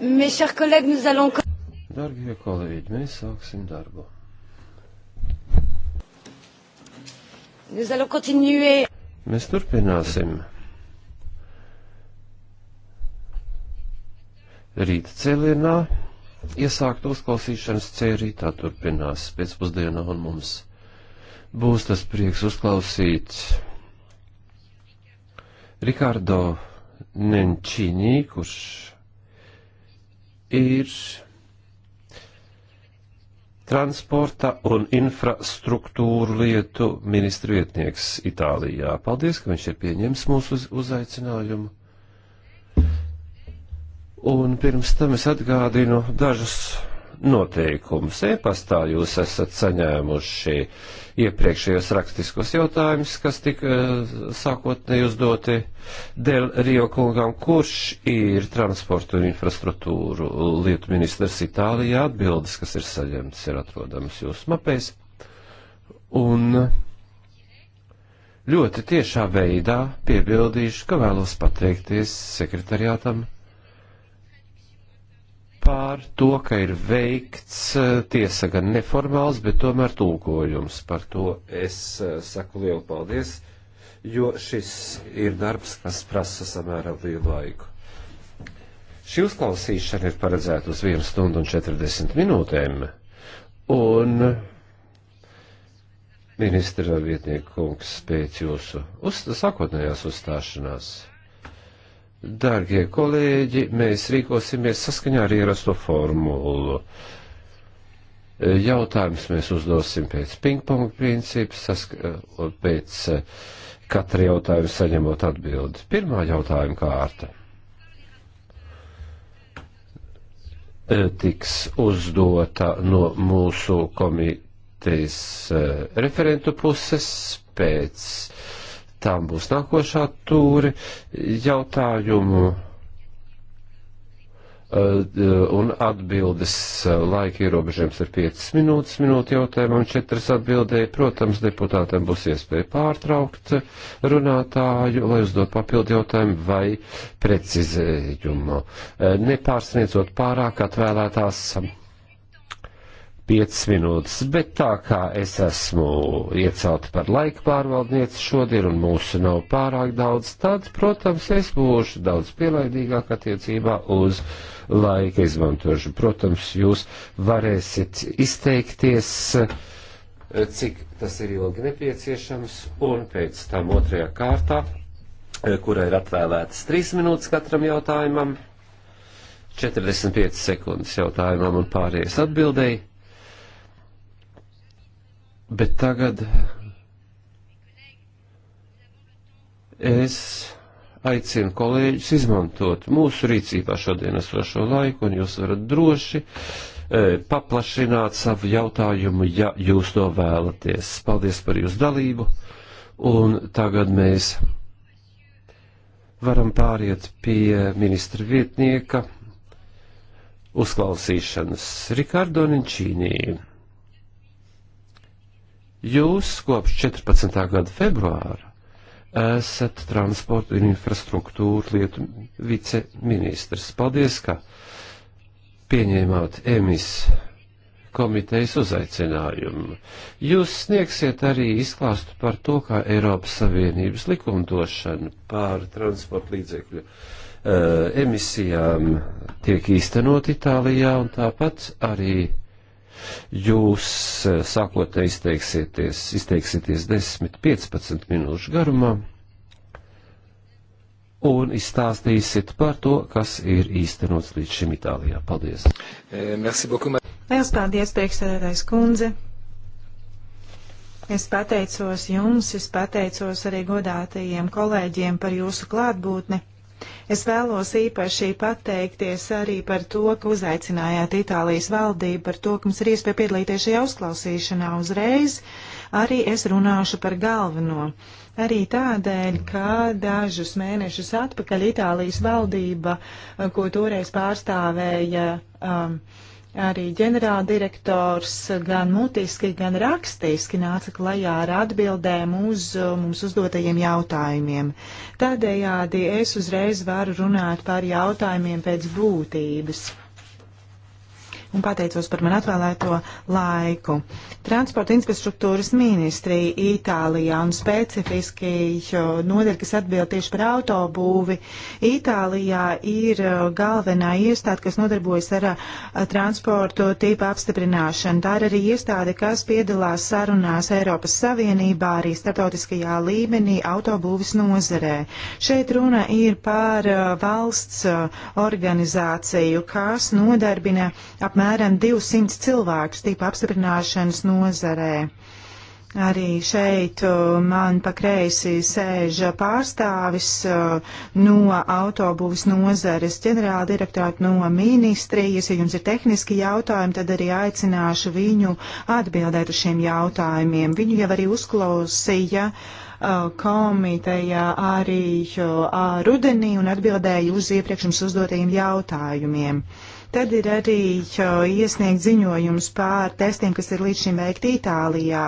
Darbie kolēģi, mēs sāksim darbu. Mēs turpināsim rīta cēlienā. Iesākt uzklausīšanas cērītā turpinās pēcpusdienā un mums būs tas prieks uzklausīt Rikardo Nenčīnī, kurš ir transporta un infrastruktūru lietu ministra vietnieks Itālijā. Paldies, ka viņš ir pieņems mūsu uz, uzaicinājumu. Un pirms tam es atgādinu dažus noteikumus. E-pastā jūs esat saņēmuši iepriekšējos rakstiskos jautājumus, kas tika eh, sākotnēji uzdoti Del Rio kungam, kurš ir transportu un infrastruktūru lietu ministrs Itālijā. Atbildes, kas ir saņemtas, ir atrodamas jūsu mapēs. Un ļoti tiešā veidā piebildīšu, ka vēlos pateikties sekretariātam par to, ka ir veikts eh, tiesa gan neformāls, bet tomēr tulkojums. Par to es eh, saku lielu paldies, jo šis ir darbs, kas prasa samērā lielu laiku. Šī uzklausīšana ir paredzēta uz 1 stundu un 40 minūtēm, un ministra vietnieku kungs pēc jūsu uz, sākotnējās uzstāšanās Dārgie kolēģi, mēs rīkosimies saskaņā ar ierasto formulu. Jautājums mēs uzdosim pēc pingpong principa, sask eh, pēc eh, katra jautājuma saņemot atbildi. Pirmā jautājuma kārta eh, tiks uzdota no mūsu komitejas referentu puses pēc uh, Tām būs nākošā tūri jautājumu eh, un atbildes eh, laika ierobežojums ir 5 minūtes, minūte jautājumam 4 atbildēja. Protams, deputātiem būs iespēja pārtraukt runātāju, lai uzdot papildu jautājumu vai precizējumu, eh, nepārsniedzot pārāk atvēlētās 5 minūtes, bet tā kā es esmu iecelta par laika pārvaldnieci šodien un mūsu nav pārāk daudz, tad, protams, es būšu daudz pielaidīgāk attiecībā uz laika izmantošanu. Protams, jūs varēsiet izteikties cik tas ir ilgi nepieciešams, un pēc tam otrajā kārtā, kurai ir atvēlētas 3 minūtes katram jautājumam, 45 sekundes jautājumam un pārējais atbildēji, Bet tagad es aicinu kolēģus izmantot mūsu rīcībā šodien esošo laiku, un jūs varat droši e, paplašināt savu jautājumu, ja jūs to vēlaties. Paldies par jūsu dalību, un tagad mēs varam pāriet pie ministra vietnieka uzklausīšanas Rikardo Ničīnī. Jūs kopš 14. gada februāra esat transporta un infrastruktūra lietu viceministrs. Paldies, ka pieņēmāt emis komitejas uzaicinājumu. Jūs sniegsiet arī izklāstu par to, kā Eiropas Savienības likumdošana pār transporta līdzekļu uh, emisijām tiek īstenot Itālijā un tāpat arī jūs eh, sākotnē izteiksieties, izteiksieties 10-15 minūšu garumā un izstāstīsiet par to, kas ir īstenots līdz šim Itālijā. Paldies! Eh, Liels paldies, priekšsēdētājs kundze! Es pateicos jums, es pateicos arī godātajiem kolēģiem par jūsu klātbūtni. Es vēlos īpaši pateikties arī par to, ka uzaicinājāt Itālijas valdību, par to, ka mums ir iespēja piedalīties šajā uzklausīšanā uzreiz. Arī es runāšu par galveno. Arī tādēļ, ka dažus mēnešus atpakaļ Itālijas valdība, ko toreiz pārstāvēja. Um, arī ģenerāldirektors gan mutiski, gan rakstiski nāca klajā ar atbildēm uz uh, mums uzdotajiem jautājumiem. Tādējādi es uzreiz varu runāt par jautājumiem pēc būtības un pateicos par man atvēlēto laiku. Transporta infrastruktūras ministrija Itālijā un specifiski nodeļa, kas atbild tieši par autobūvi, Itālijā ir uh, galvenā iestāde, kas nodarbojas ar uh, transportu tipu apstiprināšanu. Tā ir arī iestāde, kas piedalās sarunās Eiropas Savienībā, arī startautiskajā līmenī autobūvis nozarē. Šeit runa ir par uh, valsts organizāciju, kas nodarbina apmēram apmēram 200 cilvēkus tipa apstiprināšanas nozarē. Arī šeit uh, man pa kreisi sēž pārstāvis uh, no autobūvis nozares ģenerāla direktorāta no ministrijas. Ja jums ir tehniski jautājumi, tad arī aicināšu viņu atbildēt uz šiem jautājumiem. Viņu jau arī uzklausīja uh, komiteja arī rudenī un atbildēja uz iepriekš jums uzdotajiem jautājumiem. Tad ir arī iesniegt ziņojums pār testiem, kas ir līdz šim veikti Itālijā.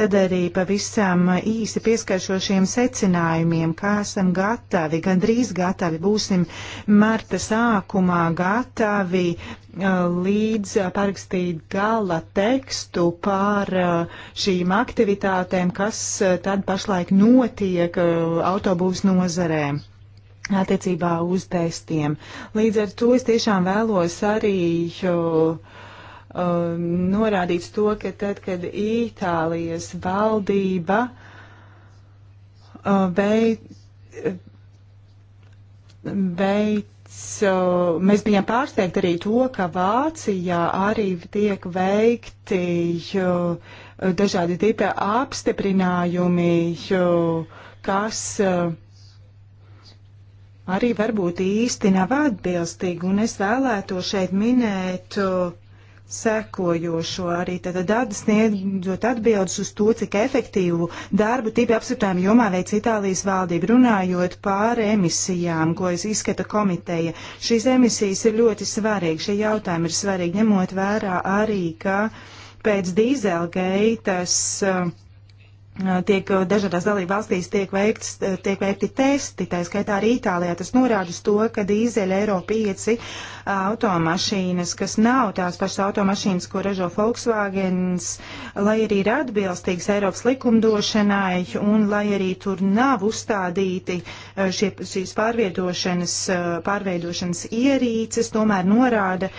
Tad arī pavisam īsi pieskaršošiem secinājumiem, kā esam gatavi, gandrīz gatavi, būsim marta sākumā gatavi līdz parakstīt gala tekstu pār šīm aktivitātēm, kas tad pašlaik notiek autobūs nozarēm attiecībā uz testiem. Līdz ar to es tiešām vēlos arī jo, uh, norādīt to, ka tad, kad Itālijas valdība uh, beid, beid, uh, mēs bijām pārsteigti arī to, ka Vācijā arī tiek veikti jo, uh, dažādi tipi apstiprinājumi, jo, uh, kas uh, arī varbūt īsti nav atbilstīgi, un es vēlēto šeit minēt uh, sekojošo arī tad dadas sniedzot atbildes uz to, cik efektīvu darbu tipi apsiptējumu jomā veic Itālijas valdība, runājot pār emisijām, ko es izskata komiteja. Šīs emisijas ir ļoti svarīgi, šie jautājumi ir svarīgi, ņemot vērā arī, ka pēc dīzelgeitas uh, tiek dažādās dalība valstīs tiek, veikts, tiek veikti testi, tā skaitā arī Itālijā. Tas norāda uz to, ka dīzeļa Eiro 5 automašīnas, kas nav tās pašas automašīnas, ko ražo Volkswagens, lai arī ir atbilstīgas Eiropas likumdošanai un lai arī tur nav uzstādīti šie, šīs pārvietošanas, pārveidošanas ierīces, tomēr norāda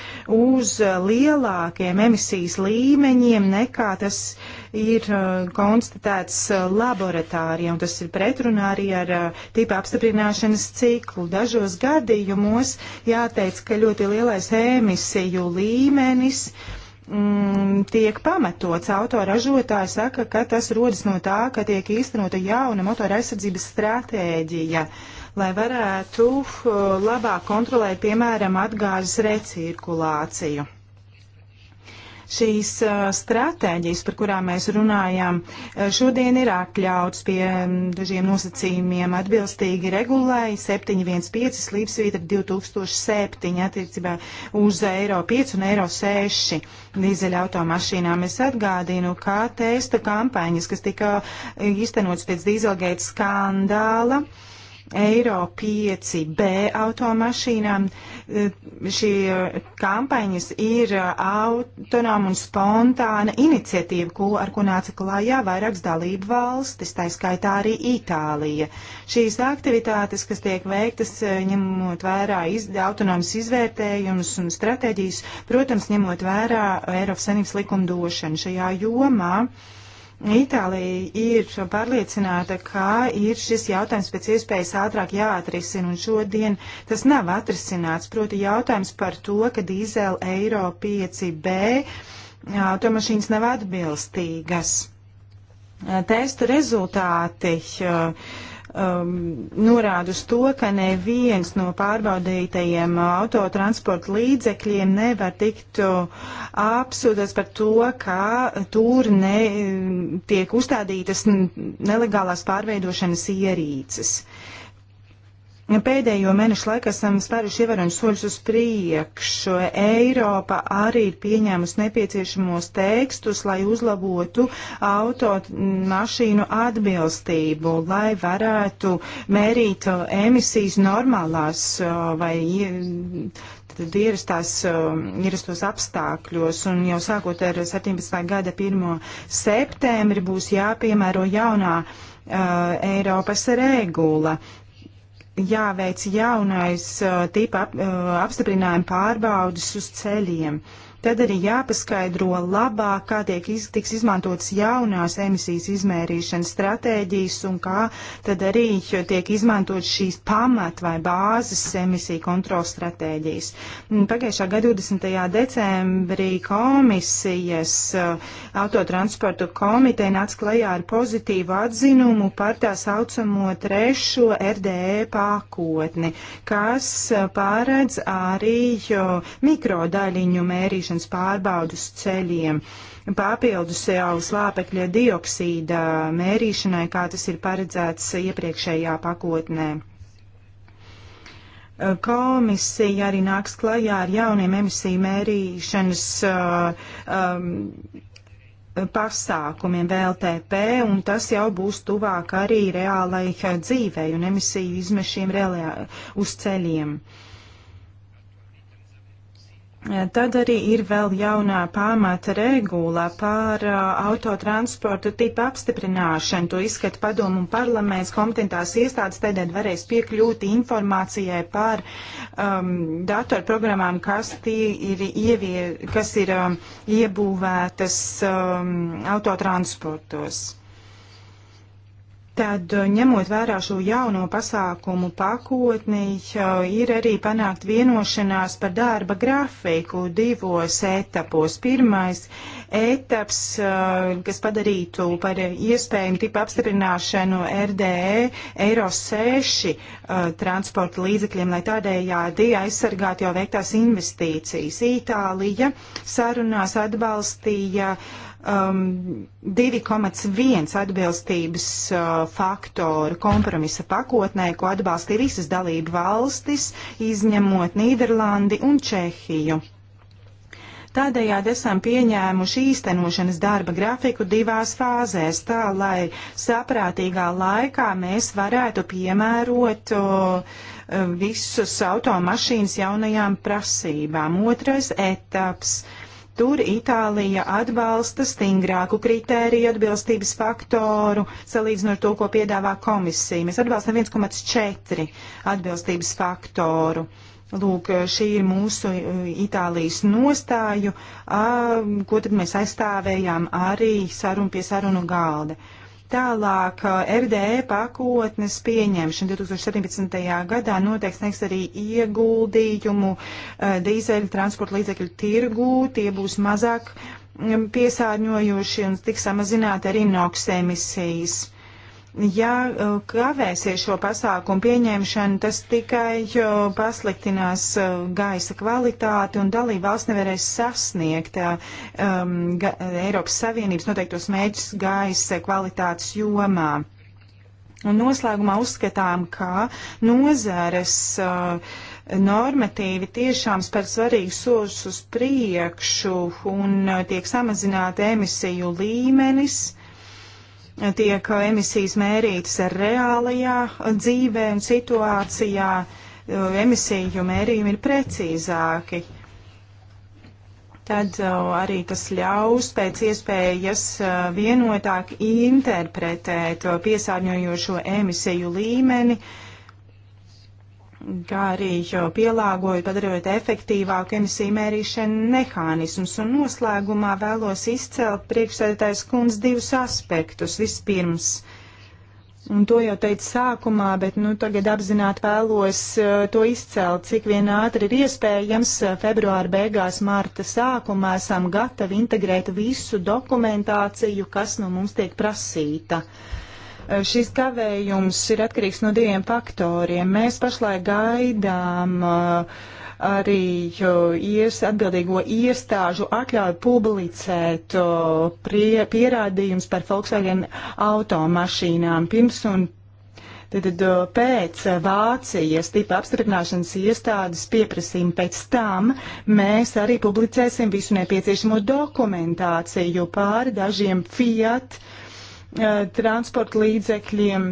uz lielākiem emisijas līmeņiem nekā tas. Uh, ir uh, konstatēts uh, laboratorijā, un tas ir pretrunā arī ar uh, tipa apstiprināšanas ciklu. Dažos gadījumos jāteic, ka ļoti lielais emisiju līmenis mm, tiek pamatots. Autoražotāji saka, ka tas rodas no tā, ka tiek īstenota jauna motora aizsardzības stratēģija, lai varētu uh, labāk kontrolēt, piemēram, atgāzes recirkulāciju. Šīs stratēģijas, par kurām mēs runājām, šodien ir atļauts pie dažiem nosacījumiem atbilstīgi regulēja 715 līdzsvīta 2007 attiecībā uz eiro 5 un eiro 6 dīzeļa automašīnām. Es atgādinu, kā testa kampaņas, kas tika iztenots pēc dīzelgaita skandāla, eiro 5B automašīnām. Uh, šī kampaņas ir autonoma un spontāna iniciatīva, ko, ar ko nāca klājā vairākas dalību valstis, tā skaitā arī Itālija. Šīs aktivitātes, kas tiek veiktas, eh, ņemot vērā iz, autonomas izvērtējumus un stratēģijas, protams, ņemot vērā Eiropas Savienības likumdošanu šajā jomā. Uh, Itālija ir pārliecināta, ka ir šis jautājums pēc iespējas ātrāk jāatrisina, un šodien tas nav atrisināts. Proti jautājums par to, ka dīzēla Eiro 5B automašīnas nav atbilstīgas. Testu rezultāti. Uh, um, norāda uz to, ka neviens no pārbaudītajiem autotransporta līdzekļiem nevar tikt uh, apsūdzēts par to, ka tur ne, tiek uzstādītas nelegālās pārveidošanas ierīces. Pēdējo mēnešu laikā esam spēruši ievērojumus soļus uz priekšu. Eiropa arī ir pieņēmusi nepieciešamos tekstus, lai uzlabotu automašīnu atbilstību, lai varētu mērīt uh, emisijas normālās uh, vai tad ierastās, um, ierastos apstākļos, un jau sākot ar 17. gada 1. septembri būs jāpiemēro jaunā uh, Eiropas regula jāveic jaunais uh, tipa ap, uh, apstiprinājuma pārbaudas uz ceļiem. Uh, Tad arī jāpaskaidro labāk, kā tiek iz, tiks izmantotas jaunās emisijas izmērīšanas stratēģijas un kā tad arī tiek izmantot šīs pamat vai bāzes emisiju kontrols stratēģijas. Pagājušā gada 20. decembrī komisijas uh, autotransportu komiteja nāca klajā ar pozitīvu atzinumu par tā saucamo trešo RDE pakotni, kas uh, paredz arī uh, mikrodaļiņu mērīšanu likumdošanas pārbaudas ceļiem, papildus saules lāpekļa dioksīda mērīšanai, kā tas ir paredzēts iepriekšējā pakotnē. Komisija arī nāks klajā ar jauniem emisiju mērīšanas uh, um, pasākumiem VLTP, un tas jau būs tuvāk arī reālai dzīvei un emisiju izmešiem reālajā, uz ceļiem. Uh, Tad arī ir vēl jaunā pamata regula par uh, autotransportu tipu apstiprināšanu. To izskata padomu un parlaments kompetentās iestādes, tādēļ varēs piekļūt informācijai par um, datorprogrammām, kas, ir, ievie, kas ir um, iebūvētas um, autotransportos. Tad, eh, ņemot vērā šo jauno pasākumu pakotni, eh, ir arī panākt vienošanās par darba grafiku divos etapos. Pirmais etaps, eh, kas padarītu par iespējumu tipu apstiprināšanu RDE Eiro 6 transporta līdzekļiem, lai tādējādi aizsargātu jau veiktās investīcijas. Itālija sarunās atbalstīja uh, um, 2,1 atbilstības uh, faktoru kompromisa pakotnē, ko atbalstīja visas dalību valstis, izņemot Nīderlandi un Čehiju. Tādējādi esam pieņēmuši īstenošanas darba grafiku divās fāzēs, tā lai saprātīgā laikā mēs varētu piemērot uh, visus automašīnas jaunajām prasībām. Otrais etaps uh, Tur Itālija atbalsta stingrāku kritēriju atbilstības faktoru, salīdzinot ar to, ko piedāvā komisija. Mēs atbalstam 1,4 atbilstības faktoru. Lūk, šī ir mūsu eh, Itālijas nostāju, ko tad mēs aizstāvējām arī sarunu pie sarunu galda. Uh, Tālāk eh, RDE pakotnes pieņemšana 2017. gadā noteikti sniegs arī ieguldījumu eh, dīzeļu transporta līdzekļu tirgū. Tie būs mazāk mm, piesārņojoši un tiks samazināti arī NOX emisijas. Ja uh, kavēsies šo pasākumu pieņemšanu, tas tikai uh, pasliktinās uh, gaisa kvalitāti un dalība valsts nevarēs sasniegt um, ga, Eiropas Savienības noteiktos mēģus gaisa kvalitātes jomā. Un noslēgumā uzskatām, ka nozares uh, normatīvi tiešām spēr svarīgu soļus uz priekšu un uh, tiek samazināta emisiju līmenis. Uh, tiek emisijas mērītas reālajā dzīvē un situācijā, emisiju mērījumi ir precīzāki. Tad arī tas ļaus pēc iespējas vienotāk interpretēt piesārņojošo emisiju līmeni, uh, kā arī pielāgoju, padarot efektīvāku emisiju mērīšanu mehānismus. Un noslēgumā vēlos izcelt priekšsēdētājs kundz divus aspektus. Vispirms, un to jau teicu sākumā, bet nu, tagad apzināti vēlos uh, to izcelt, cik vien ātri ir iespējams. Uh, februāra beigās, marta sākumā esam gatavi integrēt visu dokumentāciju, kas no nu mums tiek prasīta. Uh, Eh, šis kavējums ir atkarīgs no diviem faktoriem. Mēs pašlaik gaidām eh, arī eh, ies, atbildīgo iestāžu atļauju publicēt prie, pierādījums par Volkswagen automašīnām pirms un Tad pēc Vācijas tipa apstiprināšanas iestādes pieprasījuma pēc tam mēs arī publicēsim visu nepieciešamo dokumentāciju pāri dažiem Fiat uh, Eh, transporta līdzekļiem.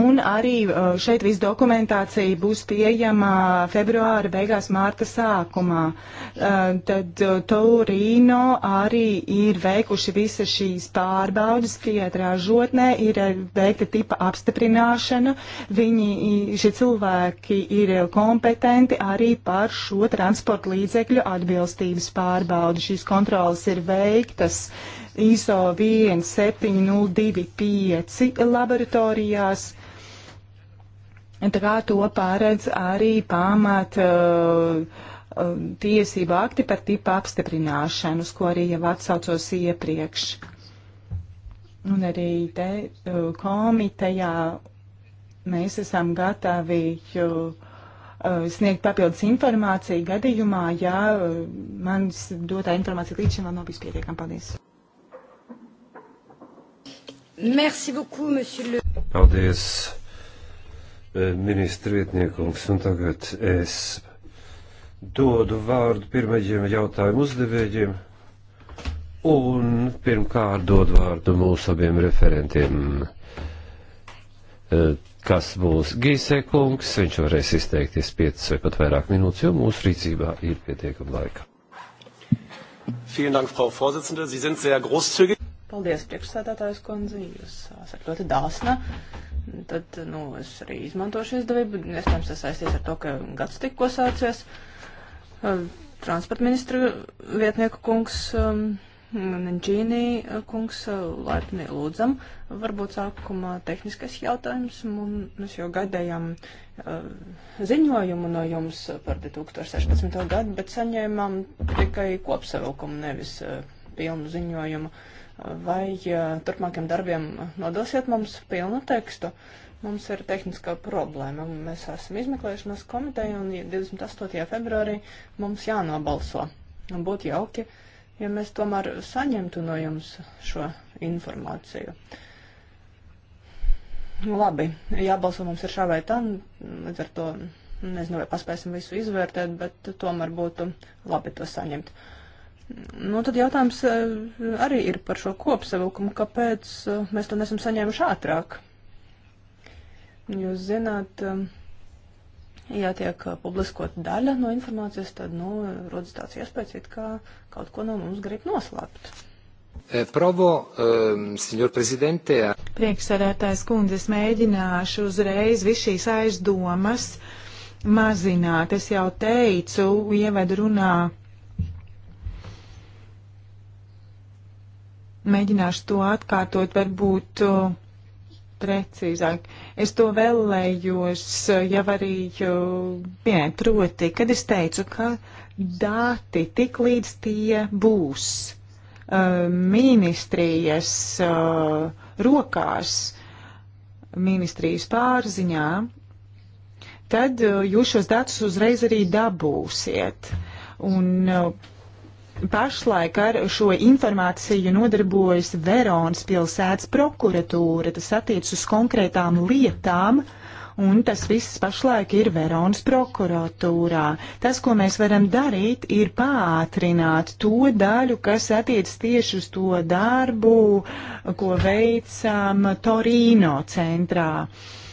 Un arī eh, šeit viss dokumentācija būs pieejama februāra beigās, mārta sākumā. Eh, tad Torino arī ir veikuši visas šīs pārbaudas, Fiat ražotnē ir veikta tipa apstiprināšana. Viņi, šie cilvēki ir kompetenti arī par šo transporta līdzekļu atbilstības pārbaudu. Šīs kontrolas ir veiktas. Uh, ISO 17025 laboratorijās. Tā kā to pārēdz arī pamat uh, uh, tiesību akti par tipa apstiprināšanu, uz ko arī jau atsaucos iepriekš. Un arī te uh, komitejā mēs esam gatavi uh, uh sniegt papildus informāciju gadījumā, ja uh, manis dotā informācija līdz šim vēl nav bijusi pietiekama. Paldies! Merci beaucoup, monsieur le. Paldies, eh, ministra vietniekums, un tagad es dodu vārdu pirmajiem jautājumu uzdevējiem, un pirmkārt dodu vārdu mūsu abiem referentiem eh, kas būs Gīsē kungs. Viņš varēs izteikties 5 vai pat vairāk minūtes, jo mūsu rīcībā ir pietiekama laika. Paldies, priekšsēdētājs kundze, jūs esat ļoti dāsna. Tad, nu, es arī izmantošu izdevību, iespējams, tas saistīts ar to, ka gads tikko sācies. Transporta ministra vietnieku kungs Nģīnī kungs laipni lūdzam. Varbūt sākumā tehniskais jautājums. Mēs jau gaidējām ziņojumu no jums par 2016. gadu, bet saņēmām tikai kopsavilkumu, nevis pilnu ziņojumu. Uh, vai turpmākiem darbiem nodosiet mums pilnu tekstu. Mums ir tehniskā problēma. Mēs esam izmeklēšanas komiteja un 28. februārī mums jānobalso. Un būtu jauki, ja mēs tomēr saņemtu no jums šo informāciju. Labi, jābalso mums ir šā vai tā, līdz ar to nezinu, vai paspēsim visu izvērtēt, bet tomēr būtu labi to saņemt. Uh, Nu, tad jautājums eh, arī ir par šo kopsavilkumu, kāpēc eh, mēs to nesam saņēmuši ātrāk. Jūs zināt, eh, ja tiek publiskot daļa no informācijas, tad, nu, rodas tāds iespējas, it kā kaut ko no mums grib noslēpt. Provo, um, signor prezidente. Prieksarētājs kundzes mēģināšu uzreiz visu šīs aizdomas mazināt. Es jau teicu, ievedu runā Mēģināšu to atkārtot, varbūt precīzāk. Es to vēlējos jau arī minēt, proti, kad es teicu, ka dati tik līdz tie būs ministrijas rokās, ministrijas pārziņā, tad jūs šos datus uzreiz arī dabūsiet. Un Pašlaik ar šo informāciju nodarbojas Veronas pilsētas prokuratūra. Tas attiec uz konkrētām lietām, un tas viss pašlaik ir Veronas prokuratūrā. Tas, ko mēs varam darīt, ir pātrināt to daļu, kas attiec tieši uz to darbu, ko veicam Torīno centrā. Uh,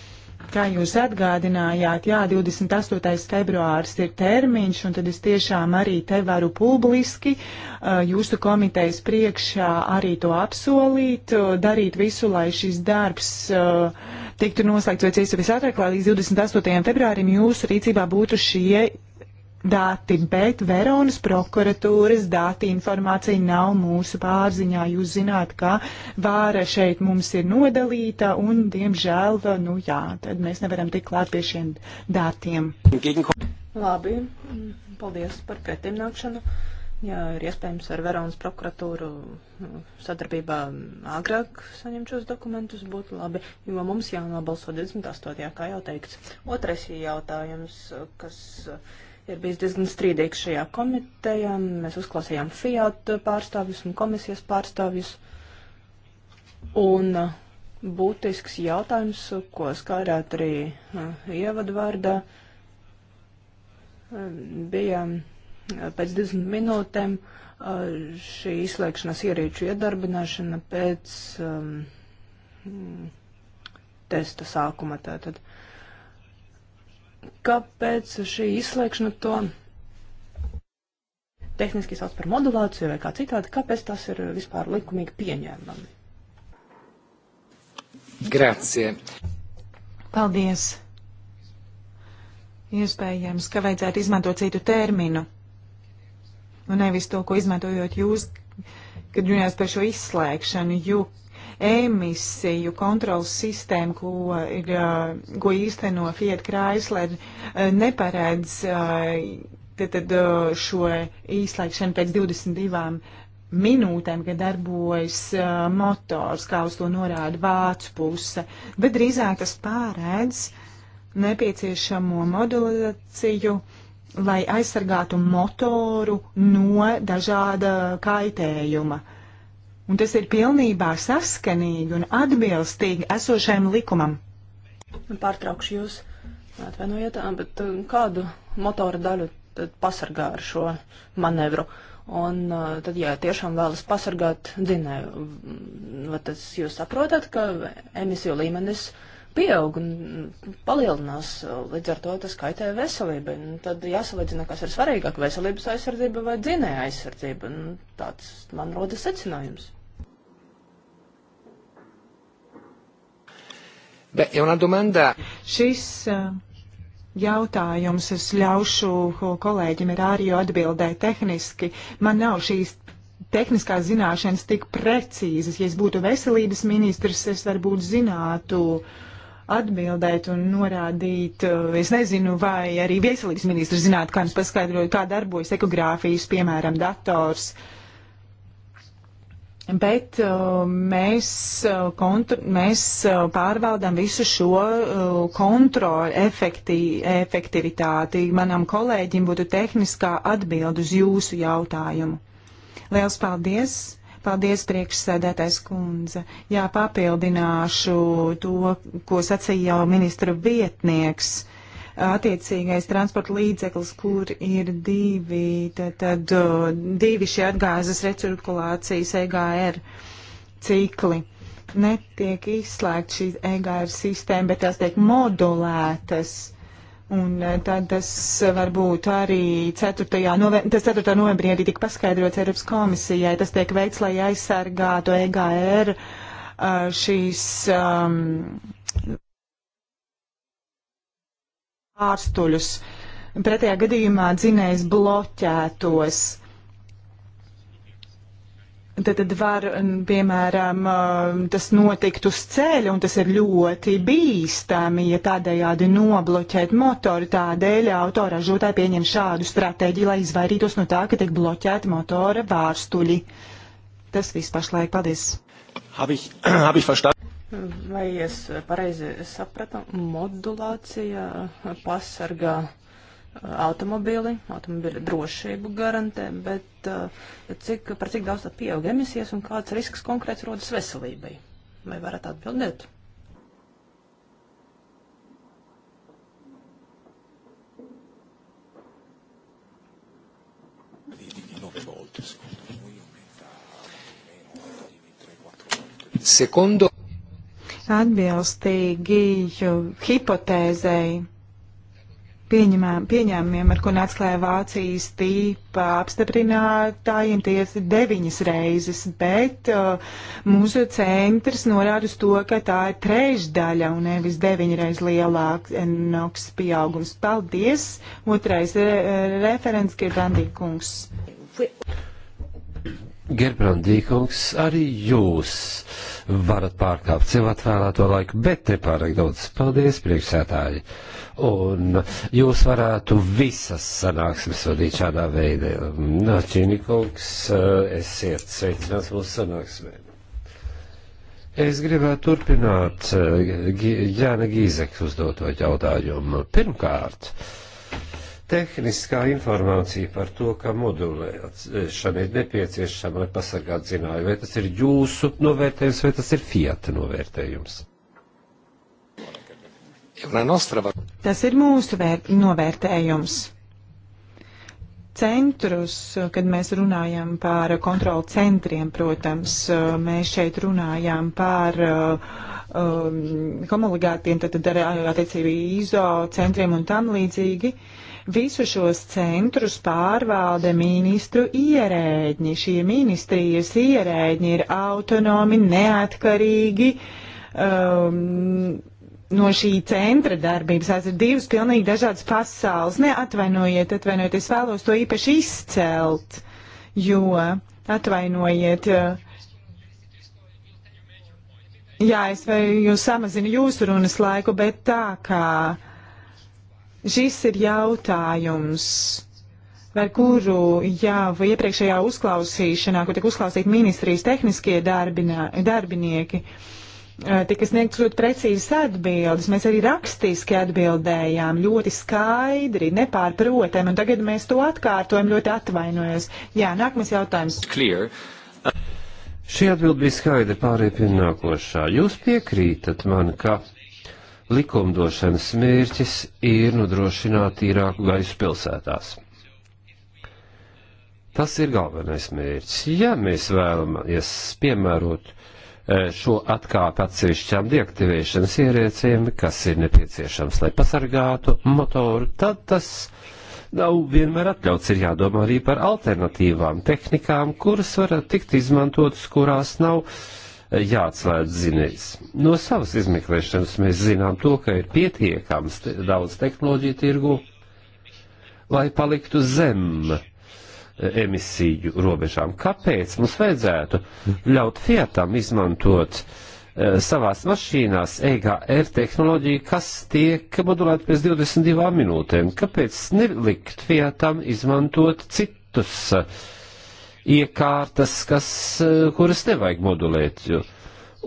Kā jūs atgādinājāt, jā, 28. februārs ir termiņš, un tad es tiešām arī te varu publiski uh, jūsu komitejas priekšā arī to apsolīt, uh, darīt visu, lai šis darbs uh, tiktu noslēgts pēc iespējas ātrāk, lai līdz 28. februārim jūsu rīcībā būtu šie dati, bet Veronas prokuratūras dati informācija nav mūsu pārziņā. Jūs zināt, ka vāra šeit mums ir nodalīta un, diemžēl, nu jā, tad mēs nevaram tik klāt pie šiem datiem. Labi, paldies par pretimnākšanu. Jā, ir iespējams ar Veronas prokuratūru sadarbībā agrāk saņemt šos dokumentus, būtu labi, jo mums jānobalso 28. kā jau teikts. Otrais jautājums, kas. Uh, ir bijis diezgan strīdīgs šajā komitejā. Mēs uzklausījām Fiat pārstāvjus un komisijas pārstāvjus. Un uh, būtisks jautājums, ko skārāt arī uh, ievadvārdā, um, bija uh, pēc 20 minūtēm šī izslēgšanas ierīču iedarbināšana pēc um, testa sākuma. Tātad. Uh, kāpēc šī izslēgšana to tehniski sauc par modulāciju vai kā citādi, kāpēc tas ir vispār likumīgi pieņēmami? Grazie. Paldies. Iespējams, ka vajadzētu izmantot citu terminu. Nu, nevis to, ko izmantojot jūs, kad runājat par šo izslēgšanu, jo emisiju kontrolas sistēma, ko, ir, ko īsteno Fiat Chrysler, neparedz tad, tad, šo īslēgšanu pēc 22 minūtēm, kad darbojas motors, kā uz to norāda vācu puse, bet drīzāk tas pārēdz nepieciešamo modulāciju lai aizsargātu motoru no dažāda kaitējuma. Un tas ir pilnībā saskanīgi un atbilstīgi esošajam likumam. Nu, pārtraukšu jūs, atvainojiet, bet kādu motora daļu tad pasargā ar šo manevru? Un tad, ja tiešām vēlas pasargāt dzinēju, mm, vai tas jūs saprotat, ka emisiju līmenis uh, pieaug un palielinās, līdz ar to tas kaitē veselībai. Un nu, tad jāsalīdzina, kas ir svarīgāk - veselības aizsardzība vai dzinēja aizsardzība. Un nu, tāds man rodas secinājums. Beh, è una domanda. Šis eh, jautājums es ļaušu kolēģim ir arī atbildēt tehniski. Man nav šīs tehniskās zināšanas tik precīzas. Ja es būtu veselības ministrs, es varbūt zinātu. Uh, atbildēt un norādīt. Eh, es nezinu, vai arī veselības ministrs zinātu, kā jums paskaidroju, kā darbojas ekogrāfijas, piemēram, dators. Bet eh, mēs, eh, kontr, mēs pārvaldām visu šo kontroli efekti, efektivitāti. Manam kolēģim būtu tehniskā atbild uz jūsu jautājumu. Liels paldies! Paldies, priekšsēdētājs kundze. Jā, papildināšu to, ko sacīja jau ministra vietnieks attiecīgais transporta līdzeklis, kur ir divi, tad, tad divi šie atgāzes recirkulācijas EGR cikli. Netiek izslēgta šī EGR sistēma, bet tās tiek modulētas. Uh, Un e, tad tas varbūt arī 4. Novembrī, tas 4. novembrī arī tika paskaidrots Eiropas komisijai. Tas tiek veikts, lai aizsargātu EGR e, šīs um, ārstuļus. Pretējā gadījumā dzinējs bloķētos. Tad, tad var, piemēram, tas notikt uz ceļa, un tas ir ļoti bīstami, ja tādējādi nobloķēt motoru. Tādēļ autoražotāji pieņem šādu stratēģiju, lai izvairītos no tā, ka tiek bloķēti motora vārstuļi. Tas viss pašlaik. Paldies! Hab ich, hab ich Vai es pareizi sapratu? Modulācija pasargā automobili, automobili drošību garantē, bet eh, cik, par cik daudz tad pieaug emisijas un kāds risks konkrēts rodas veselībai? Vai varat atbildēt? Secondo atbilstīgi hipotēzei, pieņemām, pieņēmumiem, ar ko nāca klāja Vācijas tīpa apstiprinātājiem, tie ir deviņas reizes, bet uh, mūsu centrs norāda uz to, ka tā ir trešdaļa un nevis deviņreiz lielāks NOX pieaugums. Paldies! Otrais re, uh, referents Gerbrandīkungs. Gerbrandīkungs, arī jūs varat pārkāpt sev atvēlēto laiku, bet ne pārāk daudz. Paldies, priekšsētāji. Un jūs varētu visas sanāksmes vadīt šādā veidā. Nāčīni kungs, esiet sveicināts mūsu sanāksmē. Es gribētu turpināt Jāna Gīzeks uzdoto jautājumu. Pirmkārt, uh, Tehniskā informācija par to, ka modulēšana ir nepieciešama, lai pasargātu zināju, vai tas ir jūsu novērtējums, vai tas ir Fiat novērtējums. Tas ir mūsu vēr novērtējums. Centrus, kad mēs runājam par kontrolu centriem, protams, mēs šeit runājam par um, komuligātiem, tad, tad ar attiecību IZO centriem un tam līdzīgi. Uh, Visu šos centrus pārvalda ministru ierēģi. Šie ministrijas ierēģi ir autonomi, neatkarīgi um, no šī centra darbības. Tās ir divas pilnīgi dažādas pasaules. Neatvainojiet, atvainojiet, es vēlos to īpaši izcelt, jo atvainojiet. Uh, Jā, es varu jūs samazinu jūsu runas laiku, bet tā kā Šis ir jautājums, par kuru jau iepriekšējā uzklausīšanā, kur tika uzklausīti ministrijas tehniskie darbinā, darbinieki, eh, tika sniegts ļoti precīzas atbildes. Mēs arī rakstiski atbildējām ļoti skaidri, nepārprotami, un tagad mēs to atkārtojam ļoti atvainojos. Jā, nākamais jautājums. Clear. Šī atbilde bija skaidra pārējai pie nākošā. Jūs piekrītat man, ka. Kā likumdošanas mērķis ir nodrošināt tīrāku gaisu pilsētās. Tas ir galvenais mērķis. Ja mēs vēlamies piemērot e, šo atkāpi atsevišķām deaktivēšanas ierēciem, kas ir nepieciešams, lai pasargātu motoru, tad tas nav vienmēr atļauts. Ir jādomā arī par alternatīvām tehnikām, kuras var tikt izmantotas, kurās nav uh, jāatslēdz zinējs. No savas izmeklēšanas mēs zinām to, ka ir pietiekams te, daudz tehnoloģiju tirgu, lai paliktu zem e, emisiju robežām. Kāpēc mums vajadzētu ļaut Fiatam izmantot uh, savās mašīnās EGR tehnoloģiju, kas tiek modulēta pēc 22 minūtēm? Kāpēc nelikt Fiatam izmantot citus uh, iekārtas, kas, eh, kuras nevajag modulēt, jo,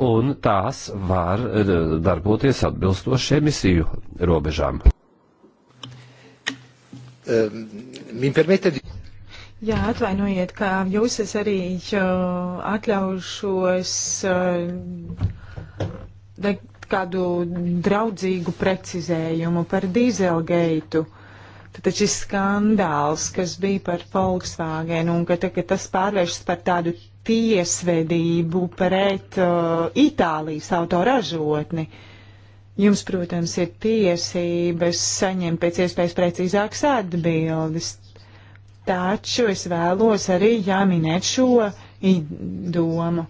un tās var eh, darboties atbilstoši emisiju robežām. Ehm, Jā, atvainojiet, ka jūs es arī atļaušos eh, kādu draudzīgu precizējumu par dīzelgeitu. Tad šis skandāls, kas bija par Volkswagen un ka tagad tas pārvēršas par tādu tiesvedību pret uh, Itālijas autoražotni. Jums, protams, ir tiesības saņemt pēc iespējas precīzākas atbildes, taču es vēlos arī jāminēt šo domu.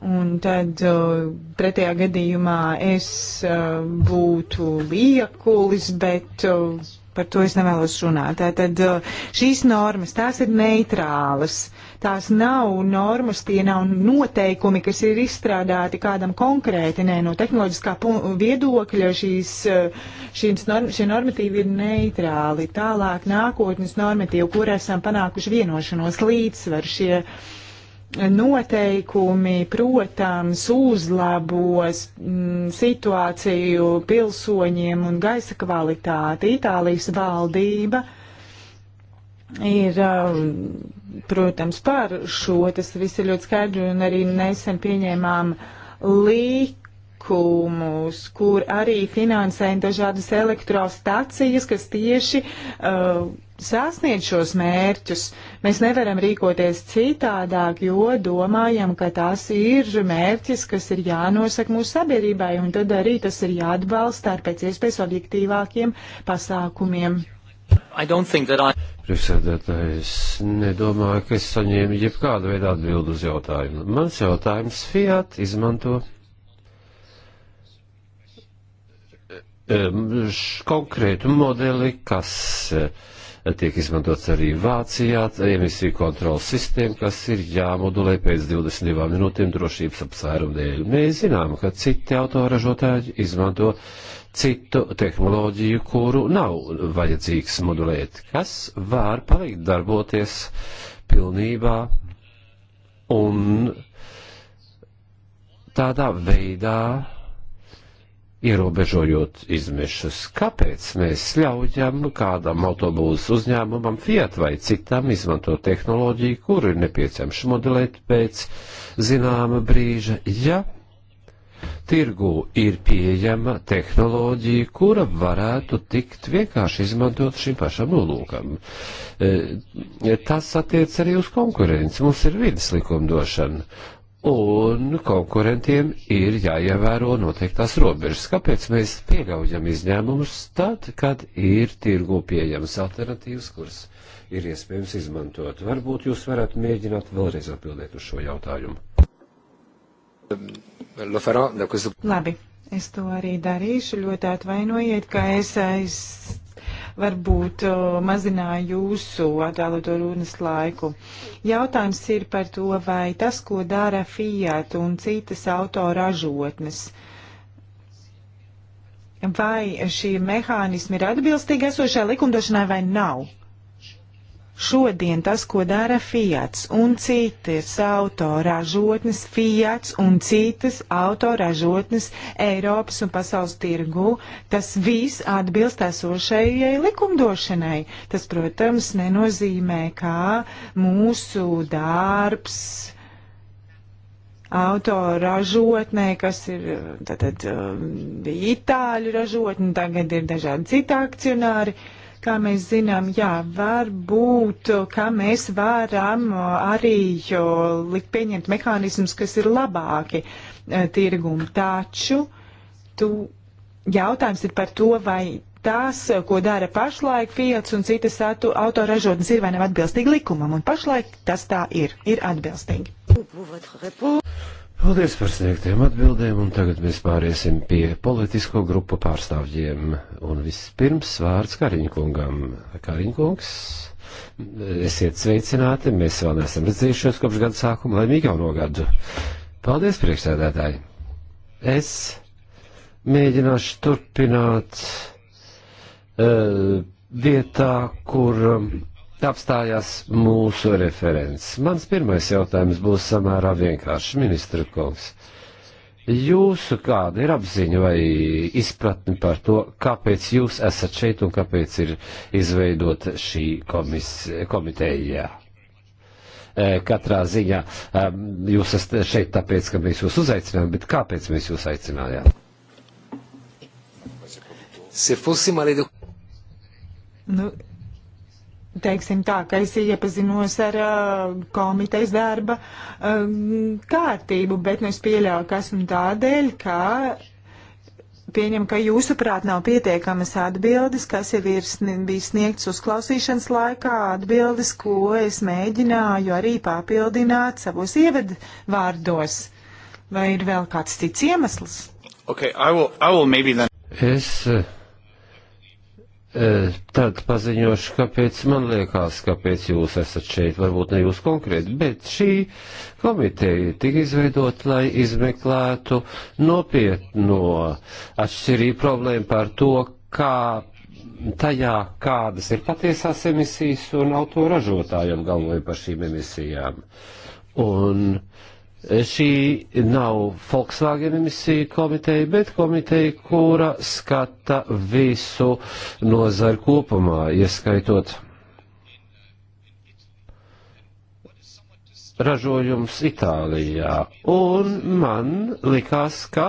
Un tad uh, pretējā gadījumā es uh, būtu liekulis, bet uh, par to es nevēlos runāt. Tātad šīs normas, tās ir neitrālas. Tās nav normas, tie nav noteikumi, kas ir izstrādāti kādam konkrēti. Nē, no tehnoloģiskā viedokļa šīs, šīs norm, šie normatīvi ir neitrāli. Tālāk nākotnes normatīvi, kur esam panākuši vienošanos līdzsver šie. Uh, noteikumi, protams, uzlabos m, mm, situāciju pilsoņiem un gaisa kvalitāti. Itālijas valdība ir, um, protams, par šo. Tas viss ir ļoti skaidri un arī nesen pieņēmām likumus, kur arī finansēja dažādas elektrostacijas, kas tieši uh, sasniegt šos mērķus. Mēs nevaram rīkoties citādāk, jo domājam, ka tas ir mērķis, kas ir jānosaka mūsu sabiedrībai, un tad arī tas ir jāatbalsta ar pēc iespējas objektīvākiem pasākumiem. I... Priekšsēdētājs nedomāju, ka es saņēmu jebkādu veidu atbildu uz jautājumu. Mans jautājums Fiat izmanto ehm, konkrētu modeli, kas uh, tiek izmantots arī Vācijā, emisiju kontrolas sistēma, kas ir jāmodulē pēc 22 minūtēm drošības apsvērumu dēļ. Mēs zinām, ka citi autoražotāji izmanto citu tehnoloģiju, kuru nav vajadzīgs modulēt, kas var palikt darboties pilnībā un tādā veidā ierobežojot izmešus. Kāpēc mēs ļaujam kādam autobūvas uzņēmumam Fiat vai citam izmantot tehnoloģiju, kuru ir nepieciešams modelēt pēc zināma brīža, ja tirgū ir pieejama tehnoloģija, kura varētu tikt vienkārši izmantot šim pašam nolūkam? E, tas attiec arī uz konkurenci. Mums ir vidas likumdošana, un konkurentiem ir jāievēro noteiktās robežas. Kāpēc mēs pieļaujam izņēmumus tad, kad ir tirgu pieejamas alternatīvas, kuras ir iespējams izmantot? Varbūt jūs varētu mēģināt vēlreiz atbildēt uz šo jautājumu. Labi, es to arī darīšu. Ļoti atvainojiet, ka es aiz varbūt mazināja jūsu atvēloto runas laiku. Jautājums ir par to, vai tas, ko dara Fiat un citas autoražotnes, vai šie mehānismi ir atbilstīgi esošai likumdošanai vai nav. Šodien tas, ko dara Fiats un citas autoražotnes, Fiats un citas autoražotnes Eiropas un pasaules tirgu, tas viss atbilst esošajai likumdošanai. Tas, protams, nenozīmē, ka mūsu darbs autoražotnē, kas ir tātad, um, itāļu ražotne, tagad ir dažādi citi akcionāri. Uh, kā mēs zinām, jā, var būt, ka mēs varam arī likt pieņemt mehānismus, kas ir labāki eh, tirgumu. Taču tu, jautājums ir par to, vai tās, ko dara pašlaik Fiats un citas autoražotnes, ir vai nav atbilstīgi likumam. Un pašlaik tas tā ir, ir atbilstīgi. Paldies par sniegtiem atbildēm, un tagad mēs pāriesim pie politisko grupu pārstāvjiem. Un vispirms vārds Kariņkungam. Kariņkungs, esiet sveicināti, mēs vēl neesam redzējušies kopš gada sākuma, laimīgi jauno gadu. Paldies, priekšsēdētāji. Es mēģināšu turpināt uh, vietā, kur. Um, apstājās mūsu referents. Mans pirmais jautājums būs samērā vienkārši, ministra kungs. Jūsu kāda ir apziņa vai izpratni par to, kāpēc jūs esat šeit un kāpēc ir izveidota šī komis, komiteja? Katrā ziņā jūs esat šeit tāpēc, ka mēs jūs uzaicinājām, bet kāpēc mēs jūs aicinājām? Se fosse maleducato. Nu, teiksim tā, ka es iepazinos ar uh, komitejas darba uh, kārtību, bet nu es pieļauju, ka esmu tādēļ, ka pieņem, ka jūsuprāt nav pietiekamas atbildes, kas jau ir sn bijis sniegts uzklausīšanas laikā, atbildes, ko es mēģināju arī papildināt savos ievadvārdos. Vai ir vēl kāds cits iemesls? Okay, I will, I will maybe then. Es uh, E, tad paziņošu, kāpēc man liekas, kāpēc jūs esat šeit, varbūt ne jūs konkrēti, bet šī komiteja tika izveidot, lai izmeklētu nopietno atšķirību problēmu par to, kā tajā, kādas ir patiesās emisijas un autoražotājiem galvoja par šīm emisijām. Un uh, Šī nav Volkswagen emisija komiteja, bet komiteja, kura skata visu nozaru kopumā, ieskaitot ražojums Itālijā. Un man likās, ka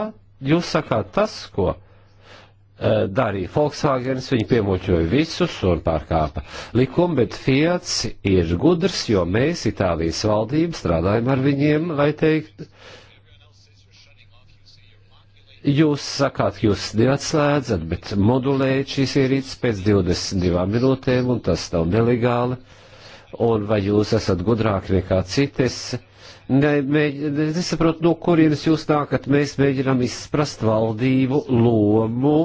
jūs sakāt tas, ko Eh, darīja Volkswagens, viņi piemuļķoja visus un pārkāpa likumu, bet Fiats ir gudrs, jo mēs, Itālijas valdība, strādājam ar viņiem, lai teikt, jūs sakāt, jūs neatslēdzat, bet modulējat šīs ierīces pēc 22 minūtēm, un tas nav nelegāli, un vai jūs esat gudrāki nekā citas. Ne, mēģ, nesaprotu, no kurienes jūs nākat. Mēs mēģinām izprast valdību lomu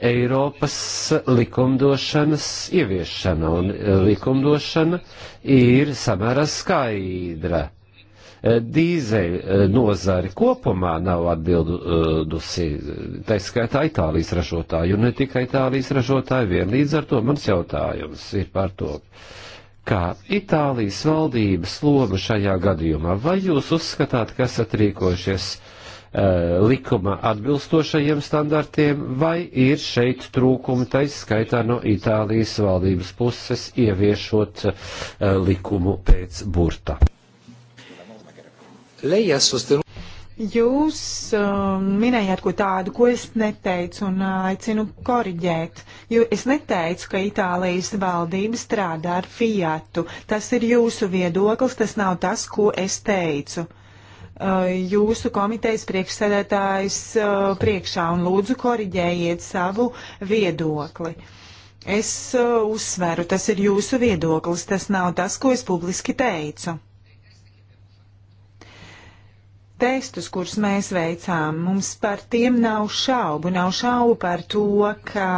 Eiropas likumdošanas ieviešana, un e, likumdošana ir samērā skaidra. E, Dīzeļu e, nozari kopumā nav atbildusi, tā skaitā Itālijas ražotāju, un ne tikai Itālijas ražotāju vien. Līdz ar to mans jautājums ir par to, kā Itālijas valdības loma šajā gadījumā. Vai jūs uzskatāt, ka esat rīkojušies? Uh, Eh, likuma atbilstošajiem standartiem, vai ir šeit trūkumi, taisa skaitā no Itālijas valdības puses, ieviešot eh, likumu pēc burta. Jūs uh, minējāt ko tādu, ko es neteicu un aicinu koriģēt, jo es neteicu, ka Itālijas valdība strādā ar Fiatu. Tas ir jūsu viedoklis, tas nav tas, ko es teicu. Uh, Eh, jūsu komitejas priekšsēdētājs eh, priekšā un lūdzu koriģējiet savu viedokli. Es eh, uzsveru, tas ir jūsu viedoklis, tas nav tas, ko es publiski teicu. Testus, kurus mēs veicām, mums par tiem nav šaubu, nav šaubu par to, ka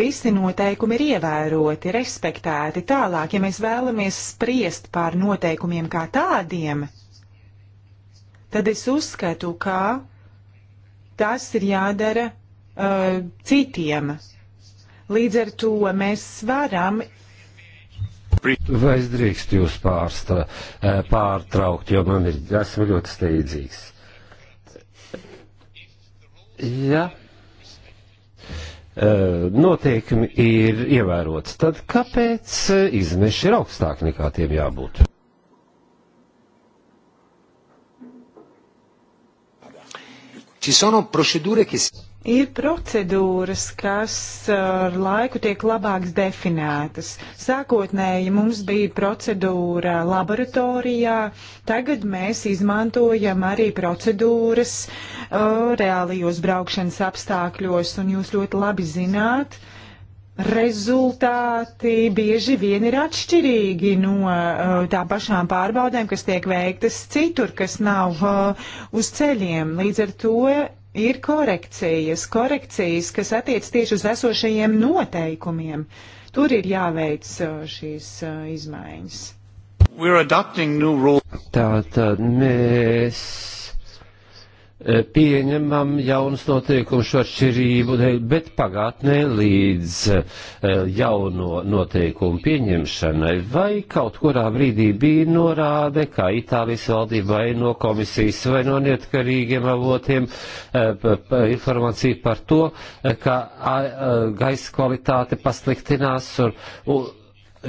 visi noteikumi ir ievēroti, respektēti. Tālāk, ja mēs vēlamies spriest par noteikumiem kā tādiem, tad es uzskatu, ka tas ir jādara uh, citiem. Līdz ar to mēs varam Vai es drīkst jūs pārstra, eh, pārtraukt, jo man ir, esmu ļoti steidzīgs. Ja eh, noteikumi ir ievērots, tad kāpēc eh, izmeši ir augstāk nekā tiem jābūt? Ci sono procedure che. Ir procedūras, kas eh, ar laiku tiek labāks definētas. Sākotnēji mums bija procedūra laboratorijā, tagad mēs izmantojam arī procedūras uh, reālajos braukšanas apstākļos, un jūs ļoti labi zināt, uh, rezultāti bieži vien ir atšķirīgi no uh, tā pašām pārbaudēm, kas tiek veiktas citur, kas nav uh, uz ceļiem. Līdz ar to ir korekcijas, korekcijas, kas attiec tieši uz esošajiem noteikumiem. Tur ir jāveic uh, šīs izmaiņas. Tātad mēs Eh, pieņemam jaunus noteikumu šo atšķirību dēļ, bet pagātnē līdz eh, jauno noteikumu pieņemšanai vai kaut kurā brīdī bija norāde, kā Itālijas valdība vai no komisijas vai no neatkarīgiem avotiem eh, informācija par to, ka gaisa kvalitāte pasliktinās un, un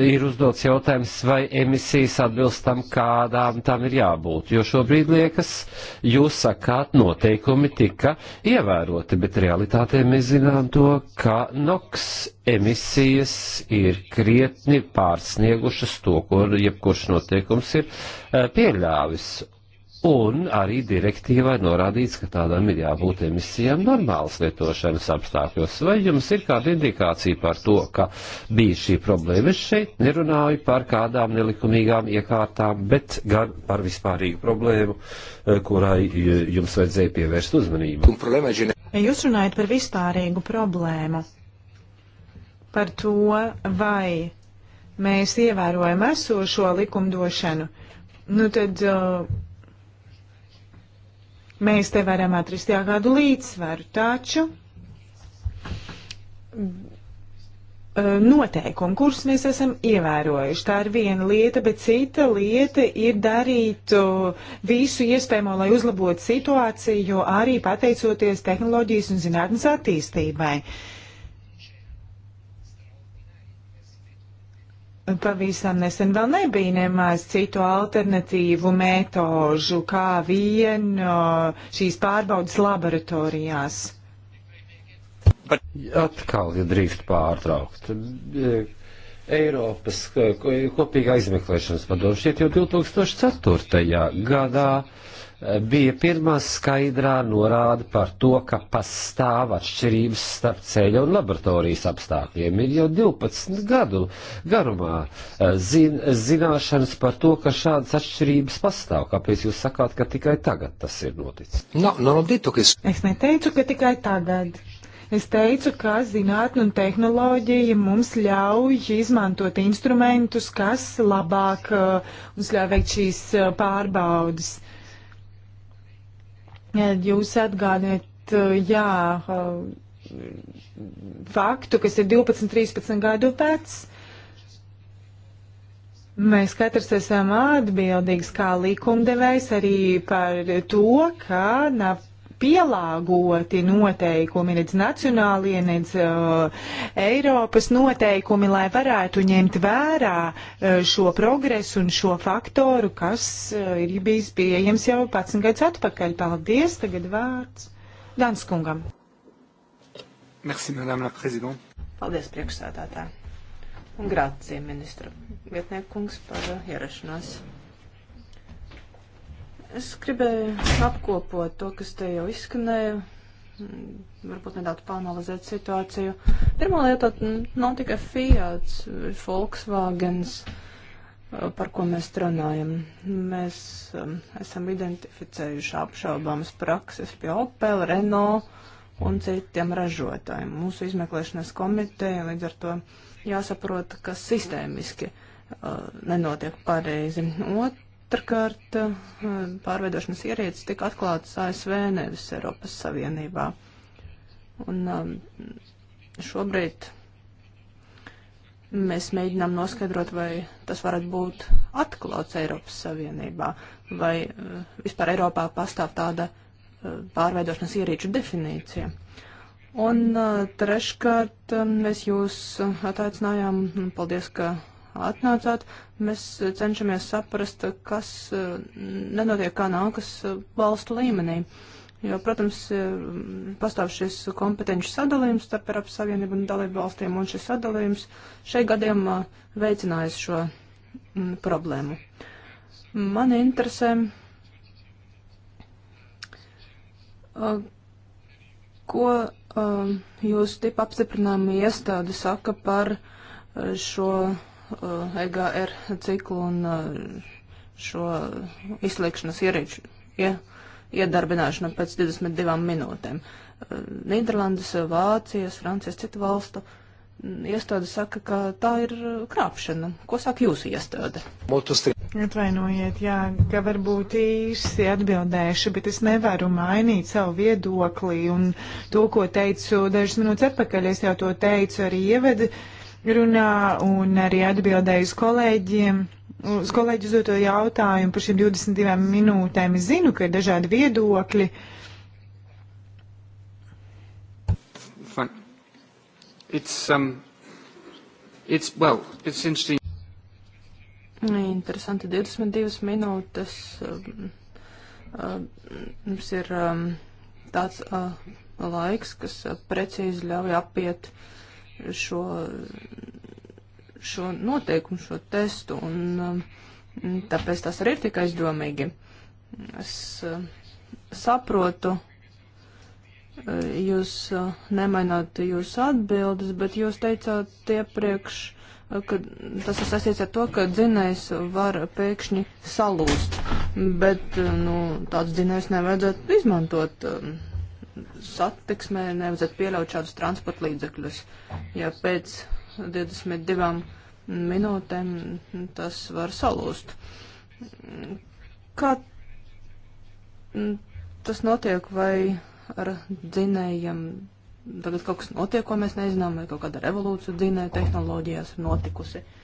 ir uzdots jautājums, vai emisijas atbilst tam, kādām tam ir jābūt. Jo šobrīd liekas, jūs sakāt, noteikumi tika ievēroti, bet realitātē mēs zinām to, ka NOX emisijas ir krietni pārsniegušas to, ko jebkurš noteikums ir eh, pieļāvis. Un arī direktīvā norādīts, ka tādām ir jābūt emisijām normālas lietošanas apstākļos. Vai jums ir kāda indikācija par to, ka bija šī problēma? Es šeit nerunāju par kādām nelikumīgām iekārtām, bet gan par vispārīgu problēmu, eh, kurai eh, jums vajadzēja pievērst uzmanību. Jūs runājat par vispārīgu problēmu. Par to, vai mēs ievērojam esošo likumdošanu. Nu tad. Uh, Mēs te varam atrast jau kādu līdzsvaru, taču eh, noteikumi, kurus mēs esam ievērojuši. Tā ir viena lieta, bet cita lieta ir darīt eh, visu iespējamo, lai uzlabotu situāciju, jo arī pateicoties tehnoloģijas un zinātnes attīstībai. Uh, Pavisam nesen vēl nebija nemaz citu alternatīvu metožu, kā vien šīs pārbaudas laboratorijās. Atkal, ja drīkst pārtraukt, e, Eiropas kopīga izmeklēšanas padomu šķiet jau 2004. gadā bija pirmā skaidrā norāda par to, ka pastāv atšķirības starp ceļa un laboratorijas apstākļiem. Ir jau 12 gadu garumā eh, zin, zināšanas par to, ka šādas atšķirības pastāv. Kāpēc jūs sakāt, ka tikai tagad tas ir noticis? No, no, no, ditu, kas... Es neteicu, ka tikai tagad. Es teicu, ka zinātnē un tehnoloģija mums ļauj izmantot instrumentus, kas labāk uh, mums ļauj veikt šīs uh, eh, pārbaudas. Uh, Jūs atgādināt, uh, jā, uh, faktu, kas ir 12, 13 gadu vecs. Mēs katrs esam atbildīgs kā likumdevējs arī par to, ka nav pielāgoti noteikumi, nedz nacionālie, nedz uh, Eiropas noteikumi, lai varētu ņemt vērā uh, šo progresu un šo faktoru, kas uh, ir bijis pieejams jau 11 gadus atpakaļ. Paldies, tagad vārds Danskungam. Merci, madame la présidente. Paldies, priekšsēdētāji. Un grācie ministra vietniekungs par ierašanos. Uh, Es gribēju apkopot to, kas te jau izskanēja, mm, varbūt nedaudz panalizēt situāciju. Pirmā lieta nav tikai Fiat, Volkswagens, eh, par ko mēs runājam. Mēs mm, esam identificējuši apšaubāmas prakses pie Opel, Renault un citiem ražotājiem. Mūsu izmeklēšanas komiteja līdz ar to jāsaprot, ka sistēmiski uh, nenotiek pareizi. Ot, Otrakārt, eh, pārveidošanas ierīces tika atklātas ASV, nevis Eiropas Savienībā. Un um, šobrīd mēs mēģinām noskaidrot, vai tas varētu būt atklāts Eiropas Savienībā, vai eh, vispār Eiropā pastāv tāda eh, pārveidošanas ierīču definīcija. Un treškārt, mēs jūs ataicinājām, paldies, ka atnācāt. Mēs eh, cenšamies saprast, kas eh, nenotiek kā nākas valstu eh, līmenī. Jo, protams, pastāv šis kompetenci sadalījums starp Eiropas Savienību un dalību valstīm, un šis sadalījums šai gadījumā veicinājas šo mm, problēmu. Mani interesē, ko jūs tip apstiprinājumi iestāde saka par šo Uh, EGR ciklu un uh, šo izslēgšanas ierīču ja, iedarbināšanu pēc 22 minūtēm. Uh, Nīderlandes, Vācijas, Francijas, citu valstu iestāde saka, ka tā ir krāpšana. Ko saka jūsu iestāde? Atvainojiet, jā, ka varbūt īsi atbildēšu, bet es nevaru mainīt savu viedokli un to, ko teicu dažas minūtes atpakaļ. Es jau to teicu arī ievadu runā un arī atbildēju uz kolēģiem. Uz kolēģi uzdoto jautājumu par šiem 22 minūtēm es zinu, ka ir dažādi viedokļi. It's, um, it's, well, it's interesting. Interesanti, 22 minūtes. Um, um, mums ir um, tāds uh, laiks, kas uh, precīzi ļauj apiet uh, šo, šo noteikumu, šo testu, un um, tāpēc tas arī ir tik aizdomīgi. Es uh, saprotu, uh, jūs uh, nemaināt jūsu atbildes, bet jūs teicāt iepriekš, ka tas ir sasīts ar to, ka dzinējs var pēkšņi salūst, bet, nu, tāds dzinējs nevajadzētu izmantot. Um, satiksmē nevajadzētu pieļaut šādus transporta līdzekļus. Ja pēc 22 minūtēm tas var salūst. Kā tas notiek vai ar dzinējiem? Tagad kaut kas notiek, ko mēs nezinām, vai kaut kāda revolūcija dzinēja tehnoloģijās ir notikusi. Uh,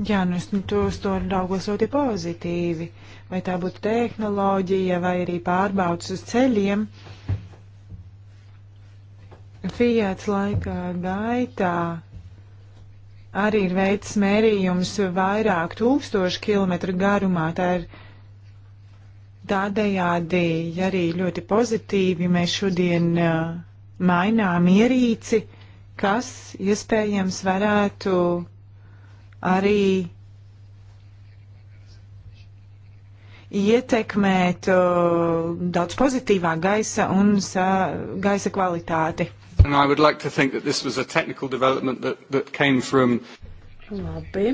Jā, nu es nu, tos to raugos ļoti pozitīvi. Vai tā būtu tehnoloģija vai arī pārbaudas uz ceļiem. Fiats laika gaitā arī ir veids mērījums vairāk tūkstošu kilometru garumā. Tā ir tādējādi arī ļoti pozitīvi. Mēs šodien uh, mainām ierīci, kas iespējams varētu arī ietekmēt uh, daudz pozitīvāk gaisa un sa, gaisa kvalitāti. Like that, that from... Labi.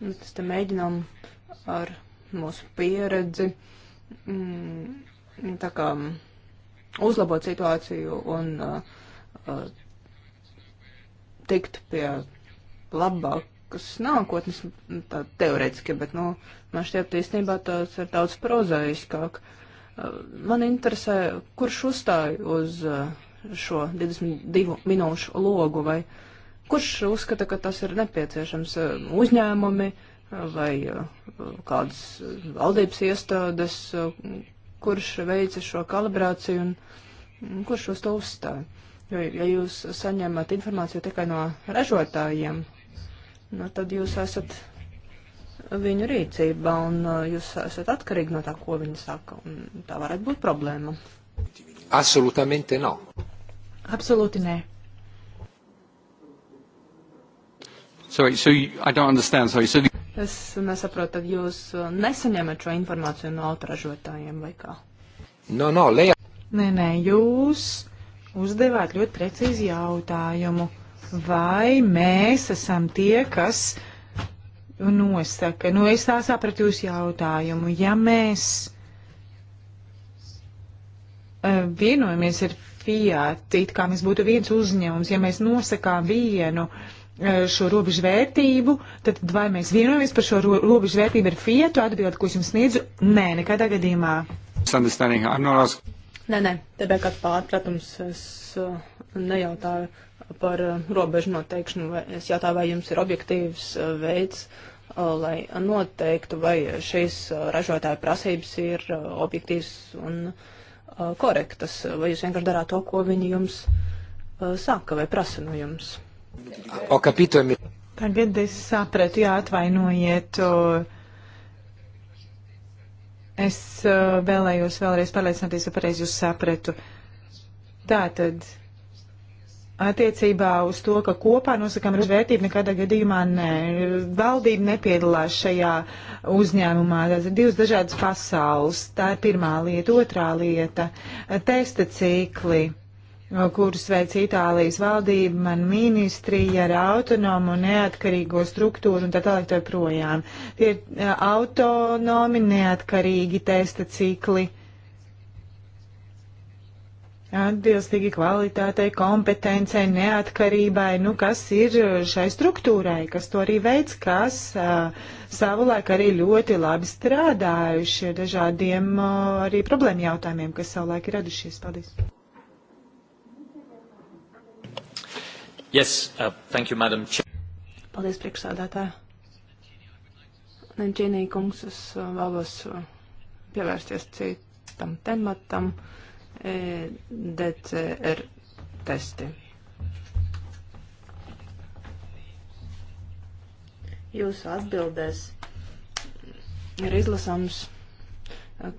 Nu, tas te mēģinām ar mūsu pieredzi mm, tā kā mm, uzlabot situāciju un uh, uh, tikt pie labākas nākotnes, tā teorētiski, bet, nu, man šķiet, īstenībā tas ir daudz prozaiskāk. Uh, man interesē, kurš uzstāja uz uh, šo 22 minūšu logu vai kurš uzskata, ka tas ir nepieciešams uh, uzņēmumi vai kādas valdības iestādes, kurš veica šo kalibrāciju un mm, kurš uz to uzstāja. Jo, ja jūs saņemat informāciju tikai no ražotājiem, nu, tad jūs esat viņu rīcībā un uh, jūs esat atkarīgi no tā, ko viņi saka. Un tā varētu būt problēma. Absolutamente no. Absolūti nē. Sorry, so you, I don't understand. Sorry, so the... Es nesaprotu, tad jūs uh, nesaņemat šo informāciju no autoražotājiem vai kā? No, no, lejā. Nē, nē, jūs uzdevāt ļoti precīzi jautājumu, vai mēs esam tie, kas nosaka. Nu, es tā sapratu jūsu jautājumu. Ja mēs e, vienojamies ar Fiat, it kā mēs būtu viens uzņēmums, ja mēs nosakām vienu e, šo robežu vērtību, tad vai mēs vienojamies par šo ro robežu vērtību ar Fiatu atbildi, ko es jums sniedzu? Nē, nekādā gadījumā. Understanding. I'm not asking. Nē, nē, te bija kāds pārpratums. Es uh, nejautāju par uh, robežu noteikšanu. Vai, es jautāju, vai jums ir objektīvs uh, veids, lai noteiktu, vai šīs ražotāja prasības ir objektīvs un korektas, vai jūs vienkārši darāt to, ko viņi jums saka vai prasa no jums. O kapitumi. Tagad es sapratu, jā, atvainojiet. Uh... Es uh, vēlējos vēlreiz pārliecināties, ja pareizi jūs sapratu. Tātad, attiecībā uz to, ka kopā nosakām vērtību, nekādā gadījumā nē. Valdība nepiedalās šajā uzņēmumā. Tās ir divas dažādas pasaules. Tā ir pirmā lieta. Otrā lieta - testa cikli. Uh, kurus veic Itālijas valdība, man ministrija ar autonomu un neatkarīgo struktūru un tā tālāk tā projām. Tie ir eh, autonomi, neatkarīgi testa cikli. Atbilstīgi kvalitātei, kompetencei, neatkarībai, nu kas ir šai struktūrai, kas to arī veids, kas uh, savulaik arī ļoti labi strādājuši dažādiem uh, arī problēmu jautājumiem, kas savulaik ir radušies. Paldies! Yes, uh, thank you, Madam Chair. Paldies, priekšsādātāji. Nenčīnī kungs, es uh, vēlos uh, pievērsties citam tematam e, - DCR testi. Jūsu atbildēs ir izlasams,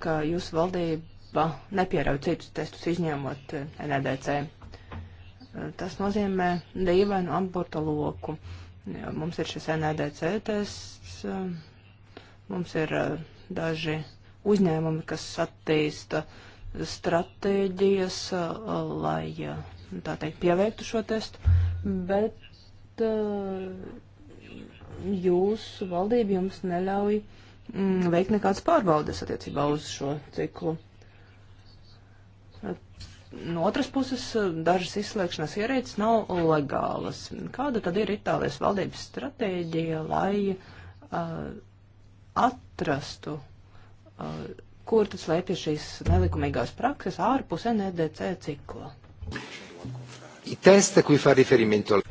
ka jūsu valdība nepierauj citus testus izņemot uh, NDC. Tas nozīmē dīvainu abortu loku. Jo mums ir šis NDC e tests, mums ir eh, daži uzņēmumi, kas attīsta stratēģijas, eh, lai, eh, tā teikt, pieveiktu šo testu, bet jūsu valdība jums neļauj mm, veikt nekādas pārbaudes attiecībā uz šo ciklu no otras puses dažas izslēgšanas ierīces nav legālas. Kāda tad ir Itālijas valdības stratēģija, lai uh, atrastu, uh, kur tad slēpjas šīs nelikumīgās prakses ārpus NEDC cikla?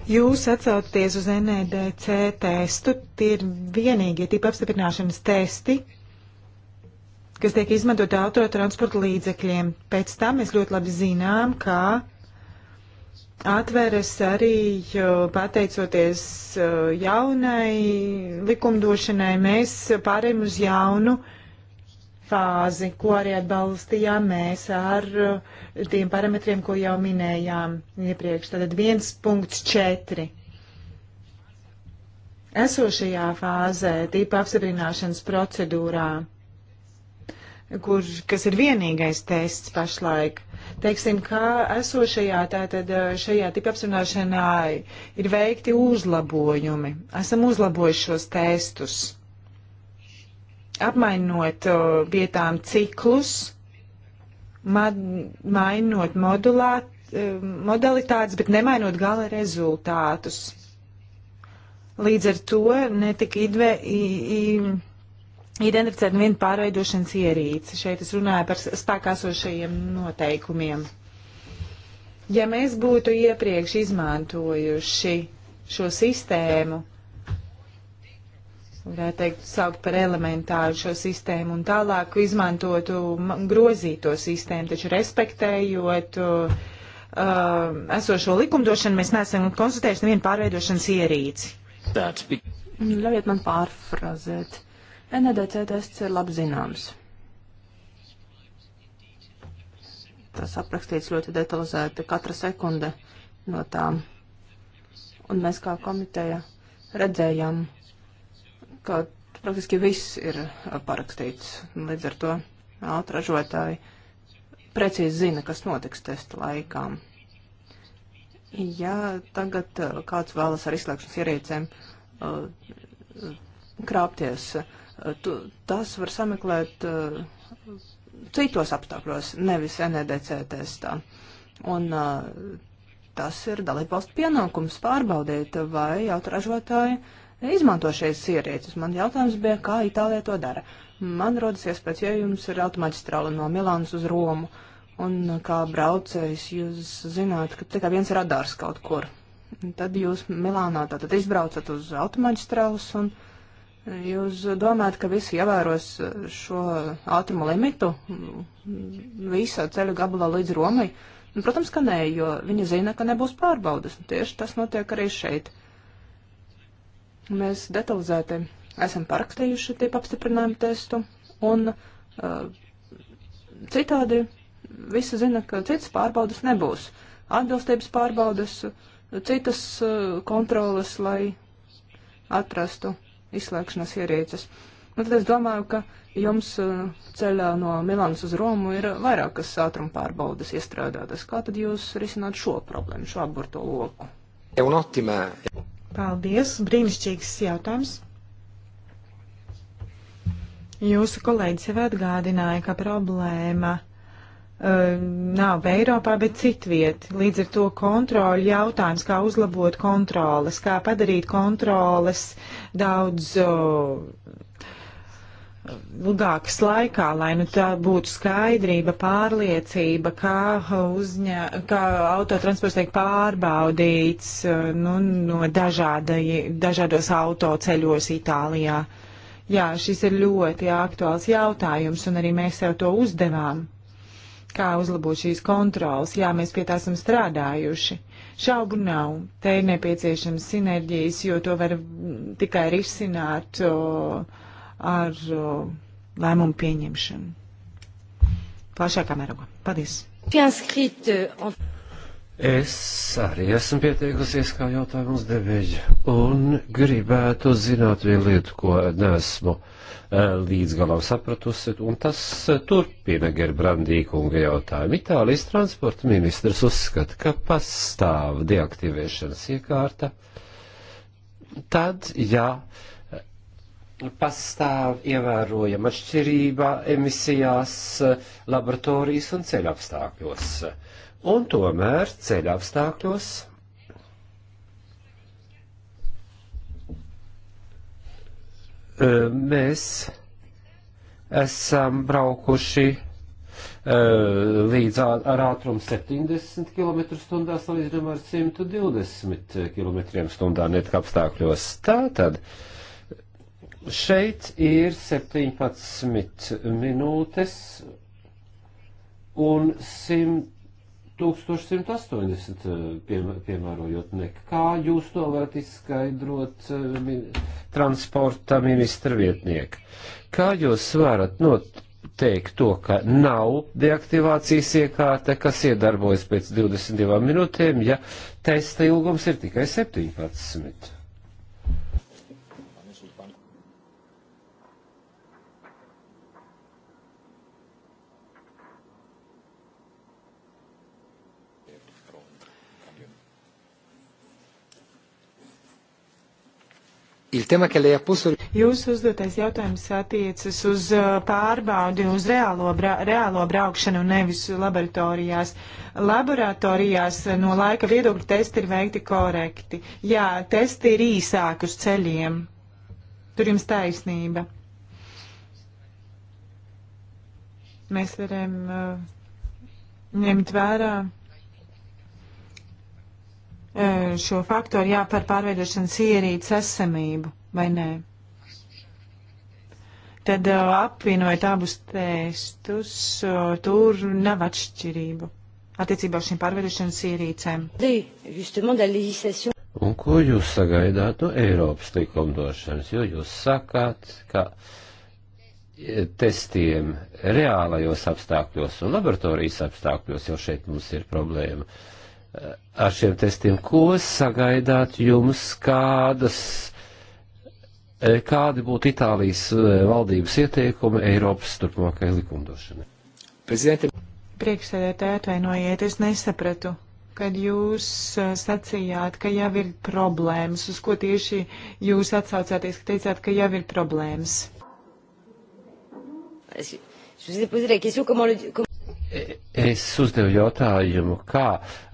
Jūs atsaucaties uz NEDC testu, tie ir vienīgie tipa apstiprināšanas testi, kas tiek izmantot autotransporta līdzekļiem. Pēc tam mēs ļoti labi zinām, ka atveras arī pateicoties jaunai likumdošanai, mēs pārējām uz jaunu fāzi, ko arī atbalstījām mēs ar tiem parametriem, ko jau minējām iepriekš. Tātad 1.4. Esošajā fāzē, tīpa apstiprināšanas procedūrā, kur, kas ir vienīgais tests pašlaik. Teiksim, ka esošajā tātad šajā tipa apsvēršanā ir veikti uzlabojumi. Esam uzlabojuši šos testus, apmainot vietām ciklus, ma mainot modulāt, e, modalitātes, bet nemainot gala rezultātus. Līdz ar to netika idve. I, i, identificēt vienu pārveidošanas ierīci. Šeit es runāju par spēkāsošajiem noteikumiem. Ja mēs būtu iepriekš izmantojuši šo sistēmu, varētu teikt, saukt par elementāru šo sistēmu un tālāk izmantotu grozīto sistēmu, taču respektējot uh, esošo likumdošanu, mēs neesam konstatējuši nevienu pārveidošanas ierīci. Ļaujiet man pārfrazēt. NDC tests ir labi zināms. Tas aprakstīts ļoti detalizēti katra sekunde no tām. Un mēs kā komiteja redzējām, ka praktiski viss ir parakstīts. Līdz ar to ātražotāji precīzi zina, kas notiks testa laikā. Ja tagad kāds vēlas ar izslēgšanas ierīcēm uh, krāpties uh, tu, tās var sameklēt uh, citos apstākļos, nevis NEDC testā. Un uh, tas ir dalībvalstu pienākums pārbaudīt, vai autoražotāji izmanto šīs ierīces. Man jautājums bija, kā Itālija to dara. Man rodas iespējas, ja jums ir automaģistrāla no Milānas uz Romu, un kā braucējs jūs zināt, ka tikai viens radars kaut kur. Tad jūs Milānā tātad izbraucat uz automaģistrālus un. Uh, Jūs domājat, ka visi ievēros šo ātrumu limitu visā ceļu gabalā līdz Romai? Nu, protams, ka nē, jo viņi zina, ka nebūs pārbaudas. Nu, tieši tas notiek arī šeit. Mēs detalizēti esam parakstījuši tie apstiprinājumu testu, un uh, citādi visi zina, ka citas pārbaudas nebūs. Atbilstības pārbaudas, citas uh, kontrolas, lai atrastu izslēgšanas ierīces. Nu, tad es domāju, ka jums eh, ceļā no Milānas uz Romu ir vairākas ātruma pārbaudas iestrādātas. Kā tad jūs risināt šo problēmu, šo aburto loku? Paldies, brīnišķīgs jautājums. Jūsu kolēģis jau atgādināja, ka problēma uh, nav Eiropā, bet citviet. Līdz ar to kontroli jautājums, kā uzlabot kontroles, kā padarīt kontroles uh, daudz ilgākas laikā, lai nu tā būtu skaidrība, pārliecība, kā, uzņa, kā autotransports tiek pārbaudīts nu, no dažādai, dažādos autoceļos Itālijā. Jā, šis ir ļoti aktuāls jautājums, un arī mēs sev to uzdevām. Kā uzlabot šīs kontrolas? Jā, mēs pie tā esam strādājuši. Šaubu nav. Te ir nepieciešams sinerģijas, jo to var tikai risināt ar lēmumu pieņemšanu. Plašākā mērogā. Paldies! Es arī esmu pieteikusies kā jautājumu uzdevēja un gribētu zināt vienu lietu, ko nesmu. Uh, Eh, līdz galam sapratusi, un tas eh, turpina Gerbrandīkunga jautājumu. Itālijas transporta ministrs uzskata, ka pastāv deaktivēšanas iekārta, tad, ja eh, pastāv ievērojama atšķirība emisijās, laboratorijas un ceļapstākļos. Un tomēr ceļapstākļos mēs esam braukuši līdz ar ātrumu 70 km/h salīdzinām ar 120 km/h netika apstākļos. Tātad šeit ir 17 minūtes un 100. 1180 eh, pie, piemērojot nek. Kā jūs to varat izskaidrot eh, min, transporta ministra vietnieku? Kā jūs varat not teikt to, ka nav deaktivācijas iekārte, kas iedarbojas pēc 22 minūtēm, ja testa ilgums ir tikai 17? Il tema che lei ha posto... Jūsu uzdotais jautājums attiecas uz uh, pārbaudi, uz reālo, bra reālo braukšanu, nevis laboratorijās. Laboratorijās uh, no laika viedokļa testi ir veikti korekti. Jā, testi ir īsāk uz ceļiem. Tur jums taisnība. Mēs varam uh, ņemt vērā. Uh, E, šo faktoru jāpar pārveidošanas ierīces esamību, vai nē? Tad e, apvienojot abus testus, e, tur nav atšķirību attiecībā uz šīm pārveidošanas ierīcēm. Un ko jūs sagaidāt no Eiropas likumdošanas? Jo jūs sakāt, ka testiem reālajos apstākļos un laboratorijas apstākļos jau šeit mums ir problēma. Uh, ar šiem testiem, ko sagaidāt jums, kādas, e, kādi būtu Itālijas e, valdības ieteikumi Eiropas turpmākajai likumdošanai? Prezidenti. Priekšsēdētāji atvainojiet, es nesapratu, kad jūs e, sacījāt, ka jau ir problēmas, uz ko tieši jūs atsaucāties, ka teicāt, ka jau ir problēmas. Es, es Es uzdevu jautājumu, kā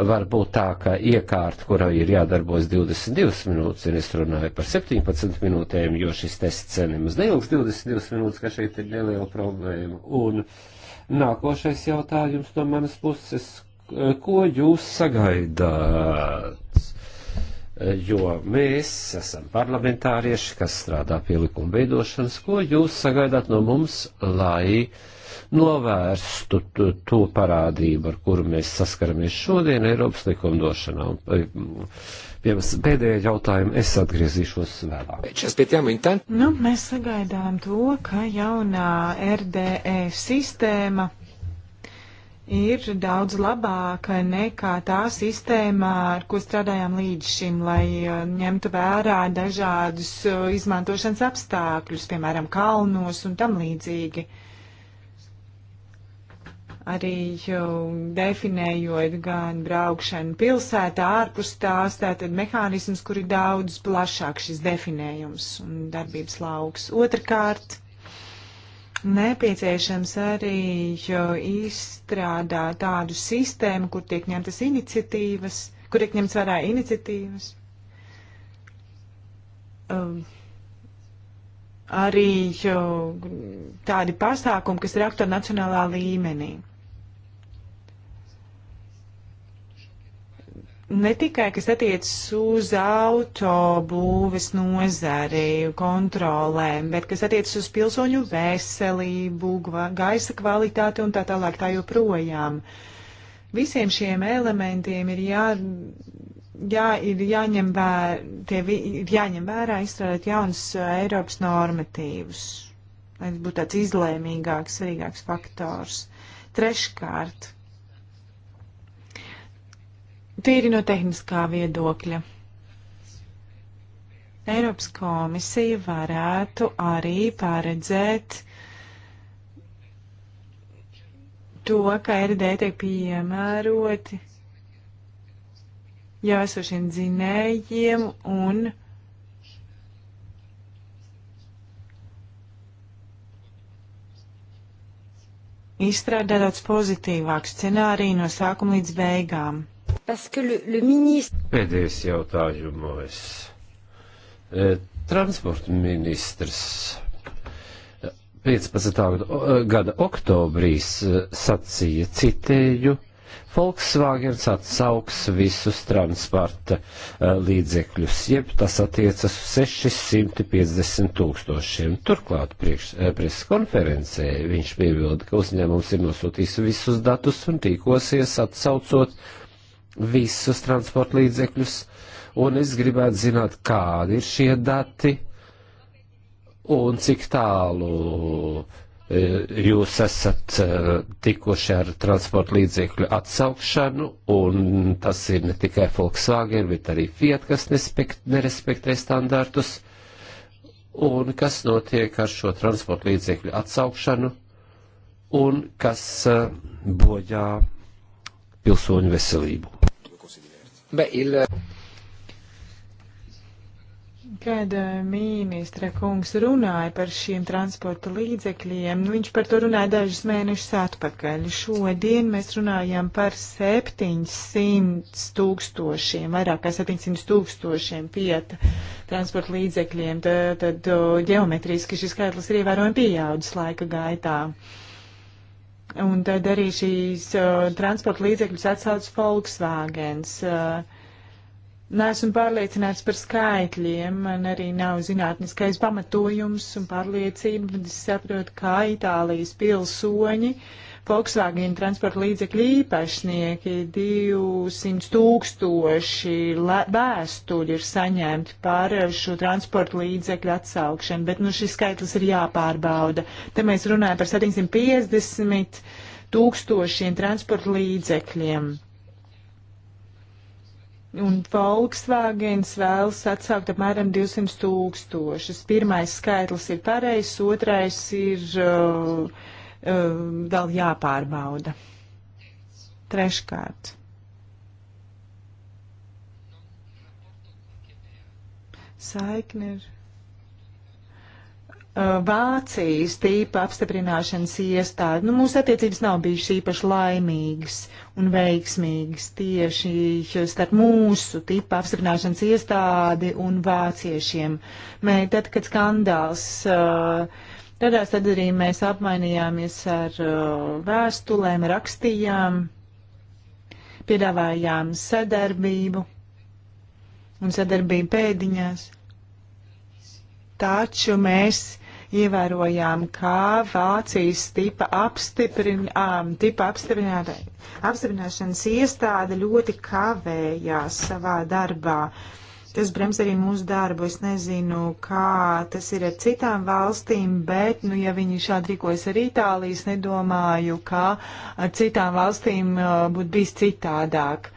var būt tā, ka iekārta, kurai ir jādarbojas 22 minūtes, un es runāju par 17 minūtēm, jo šis tests nemaz neilgs 22 minūtes, ka šeit ir neliela problēma. Un nākošais jautājums no manas puses, ko jūs sagaidāt? jo mēs esam parlamentārieši, kas strādā pie likuma veidošanas, ko jūs sagaidāt no mums, lai novērstu to, to parādību, ar kuru mēs saskaramies šodien Eiropas likumdošanā. Un, e, Piemērs pēdējā jautājuma es atgriezīšos vēlāk. Nu, mēs sagaidām to, ka jaunā RDE sistēma ir daudz labāka nekā tā sistēma, ar ko strādājām līdz šim, lai uh, ņemtu vērā dažādus uh, izmantošanas apstākļus, piemēram, kalnos un tam līdzīgi arī uh, definējot gan braukšanu pilsētā, ārpus tās, tātad mehānisms, kur ir daudz plašāk šis definējums un darbības lauks. Otrakārt, nepieciešams arī izstrādāt tādu sistēmu, kur tiek ņemtas iniciatīvas, kur tiek ņemts vērā iniciatīvas. Um, arī tādi pasākumi, kas ir aktuāli nacionālā līmenī. ne tikai, kas attiecas uz autobūves nozari, kontrolēm, bet kas attiecas uz pilsoņu veselību, gaisa kvalitāti un tā tālāk tā joprojām. Visiem šiem elementiem ir jā, jā, ir jāņem vērā, tie vi, ir jāņem vērā izstrādāt jaunas uh, Eiropas normatīvas, lai tas būtu tāds izlēmīgāks, svarīgāks faktors. Treškārt Tīri no tehniskā viedokļa. Eiropas komisija varētu arī paredzēt to, ka RD tiek piemēroti jau esošiem dzinējiem un izstrādāt daudz pozitīvāku scenāriju no sākuma līdz beigām. Pēdējais jautājumos. E, transporta ministrs 15. E, e, gada oktobrīs sacīja citēju. Volkswagens atsauks visus transporta līdzekļus, jeb tas attiecas uz 650 tūkstošiem. Turklāt priekš, preses konferencē viņš piebilda, ka uzņēmums ir nosūtījis visus datus un tīkosies atsaucot uh, visus transporta līdzekļus, un es gribētu zināt, kādi ir šie dati un cik tālu e, jūs esat e, tikuši ar transporta līdzekļu atsaukšanu, un tas ir ne tikai Volkswagen, bet arī Fiat, kas nespekt, nerespektē standartus, un kas notiek ar šo transporta līdzekļu atsaukšanu, un kas e, bojā pilsoņu veselību. Beh, il... Kad eh, ministra kungs runāja par šiem transporta līdzekļiem, nu, viņš par to runāja dažus mēnešus atpakaļ. Šodien mēs runājam par 700 tūkstošiem, vairāk kā 700 tūkstošiem pieta transporta līdzekļiem. Tad, tad ģeometriski šis skaitlis ir ievērojami pieaudzis laika gaitā. Uh, Un tad arī šīs uh, transporta līdzekļus atsauc Volkswagens. Uh, Nesmu pārliecināts par skaitļiem, man arī nav zinātniskais pamatojums un pārliecība, bet es saprotu, kā Itālijas pilsoņi uh, Volkswagen transporta līdzekļu īpašnieki 200 tūkstoši vēstuļi ir saņemti par šo transporta līdzekļu atsaukšanu, bet nu, šis skaitlis ir jāpārbauda. Te mēs runājam par 750 tūkstošiem transporta līdzekļiem. Un Volkswagens vēlas atsaukt apmēram 200 tūkstošus. Pirmais skaitlis ir pareizs, otrais ir uh, Um, vēl jāpārbauda. Treškārt. Saikni ir uh, Vācijas tīpa apstiprināšanas iestāde. Nu, mūsu attiecības nav bijušas īpaši laimīgas un veiksmīgas tieši starp mūsu tīpa apstiprināšanas iestādi un vāciešiem. Mē, tad, kad skandāls uh, Tādā tad arī mēs apmainījāmies ar uh, vēstulēm, rakstījām, piedāvājām sadarbību un sadarbību pēdiņās. Taču mēs ievērojām, kā Vācijas tipa, apstiprin, um, tipa apstiprināšanas iestāde ļoti kavējās savā darbā. Uh, Tas bremz arī mūsu darbu. Es nezinu, kā tas ir ar citām valstīm, bet, nu, ja viņi šādi rīkojas ar Itālijas, nedomāju, ka ar citām valstīm uh, būtu bijis citādāk.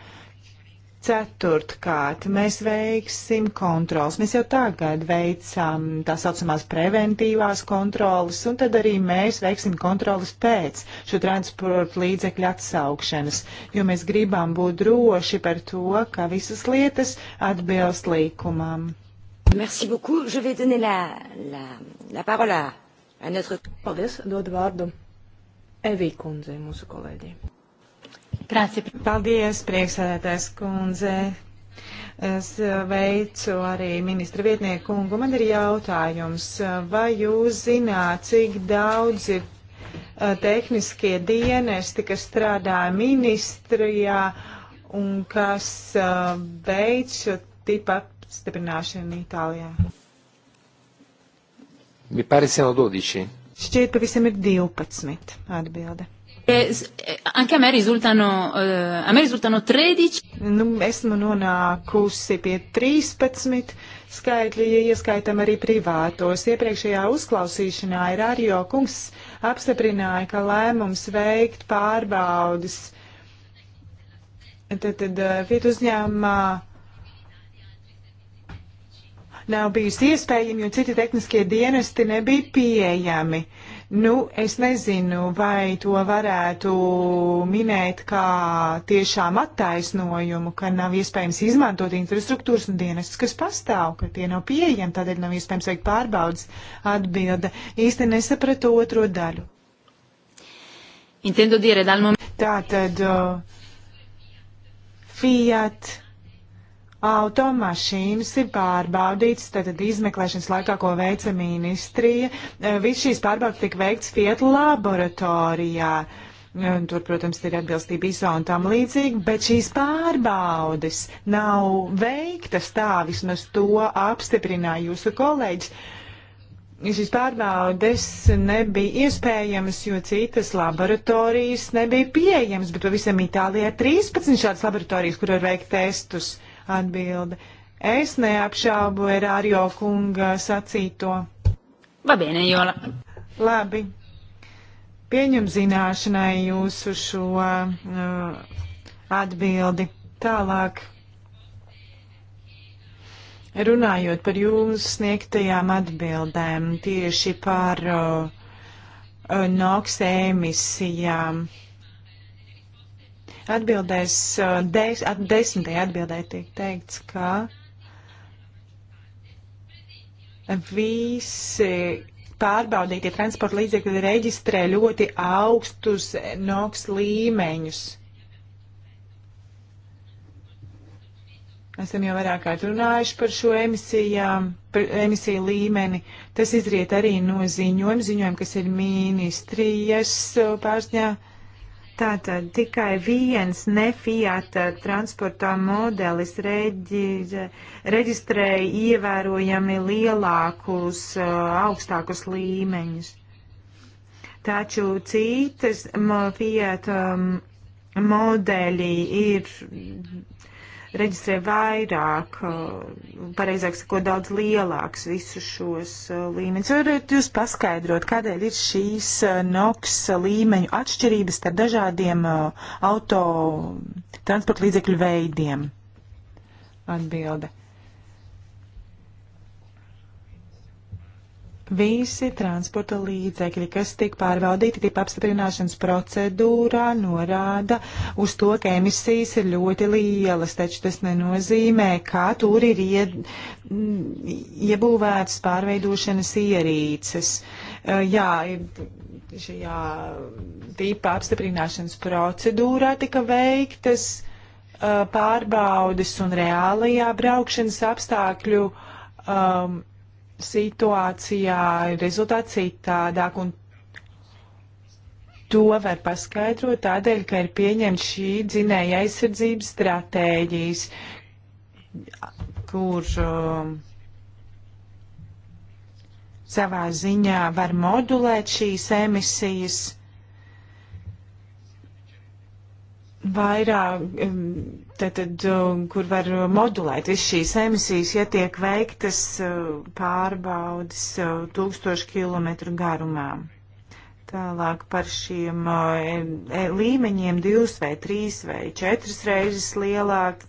Ceturtkārt, mēs veiksim kontrols. Mēs jau tagad veicam tā saucamās preventīvās kontrolas, un tad arī mēs veiksim kontrolas pēc šo transporta līdzekļu atsaukšanas, jo mēs gribam būt droši par to, ka visas lietas atbilst likumam. Merci beaucoup. Je vais donner la, la, la parole à, à notre... Paldies, dod vārdu Evī kundzei, mūsu kolēģi. Grāci. Paldies, priekšsēdētājs kundze. Es veicu arī ministra vietnieku kungu. Man ir jautājums, vai jūs zināt, cik daudz ir eh, tehniskie dienesti, kas strādā ministrijā un kas eh, veic šo tipu apstiprināšanu Itālijā? Mi pare siano 12. Šķiet, pavisam ir 12 atbilde. E, e, anche a me risultano, eh, a me risultano 13. Nu, esmu nonākusi pie 13 skaitļi, ja ieskaitam arī privātos. Iepriekšējā uzklausīšanā ir Arjo kungs apstiprināja, ka lēmums veikt pārbaudas tad, tad eh, vietu uzņēmumā nav bijusi iespējama, jo citi tehniskie dienesti nebija pieejami. Uh, Nu, es nezinu, vai to varētu minēt kā tiešām attaisnojumu, ka nav iespējams izmantot infrastruktūras un dienestus, kas pastāv, ka tie nav pieejami, tādēļ nav iespējams veikt pārbaudas atbilde. Īsti nesapratu otro daļu. Intendo dire dal momento. Tātad, uh, Fiat automašīnas ir pārbaudīts, tātad izmeklēšanas laikā, ko veica ministrija. Eh, viss šīs pārbaudas tika veikts Fiat laboratorijā. Un eh, tur, protams, ir atbilstība ISO un tam līdzīgi, bet šīs pārbaudes nav veiktas tā, vismaz to apstiprināja jūsu kolēģis. Šīs pārbaudes nebija iespējamas, jo citas laboratorijas nebija pieejamas, bet pavisam Itālijā ir 13 šādas laboratorijas, kur var veikt testus. Uh, atbilde. Es neapšaubu Erārio kunga sacīto. Labiene, Jola. Labi. Pieņem zināšanai jūsu šo uh, atbildi. Tālāk. Runājot par jūsu sniegtajām atbildēm tieši par uh, uh NOX emisijām. Uh, Atbildēs uh, des, at, desmitajā atbildē tiek teikts, ka visi pārbaudītie transporta līdzekļi reģistrē ļoti augstus NOX līmeņus. Esam jau vairāk kārt runājuši par šo emisijām, par emisiju līmeni. Tas izriet arī no ziņojuma, ziņojuma, kas ir ministrijas uh, pārsņā. Uh, Tātad tikai viens nefiat transporta modelis reģi, reģistrēja ievērojami lielākus, uh, augstākus līmeņus. Taču citas fiat um, modeļi ir reģistrē vairāk, uh, pareizāk sakot, daudz lielāks visus šos uh, līmeņus. Varat jūs paskaidrot, kādēļ ir šīs uh, NOX līmeņu atšķirības starp dažādiem auto transporta līdzekļu veidiem? Atbilde. Visi transporta līdzekļi, kas tika pārvaldīti tipa apstiprināšanas procedūrā, norāda uz to, ka emisijas ir ļoti lielas, taču tas nenozīmē, kā tur ir ie, mm, iebūvētas pārveidošanas ierīces. E, jā, šajā tipa apstiprināšanas procedūrā tika veiktas e, pārbaudes un reālajā braukšanas apstākļu um, situācijā rezultāts citādāk, un to var paskaidrot tādēļ, ka ir pieņemta šī dzinēja aizsardzības stratēģijas, kur um, savā ziņā var modulēt šīs emisijas vairāk. Um, Tātad, uh, kur var modulēt visu šīs emisijas, ja tiek veiktas uh, pārbaudas uh, tūkstošu kilometru garumā. Tālāk par šiem e, līmeņiem divas vai trīs vai četras reizes lielāk.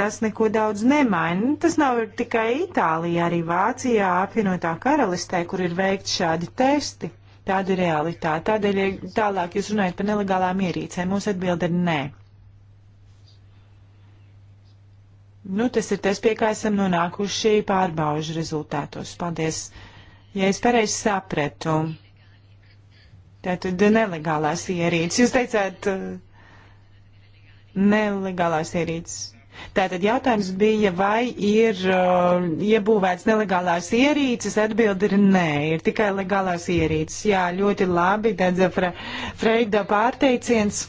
Tas neko daudz nemaina. Nu, tas nav tikai Itālijā, arī Vācijā, apvienotā karalistē, kur ir veikti šādi testi. Tāda ir realitāte. Tādēļ, ja tālāk jūs runājat par nelegālām ierīcēm, mūsu atbilde ir nē. Nu, tas ir tas, pie kā esam nonākuši pārbaužu rezultātos. Paldies. Ja es pareizi sapratu, tātad nelegālās ierīces. Jūs teicāt, eh, nelegālās ierīces. Tātad jautājums bija, vai ir uh, iebūvēts nelegālās ierīces, atbildi ir nē, ir tikai legālās ierīces. Jā, ļoti labi, tad Fre Freida pārteiciens.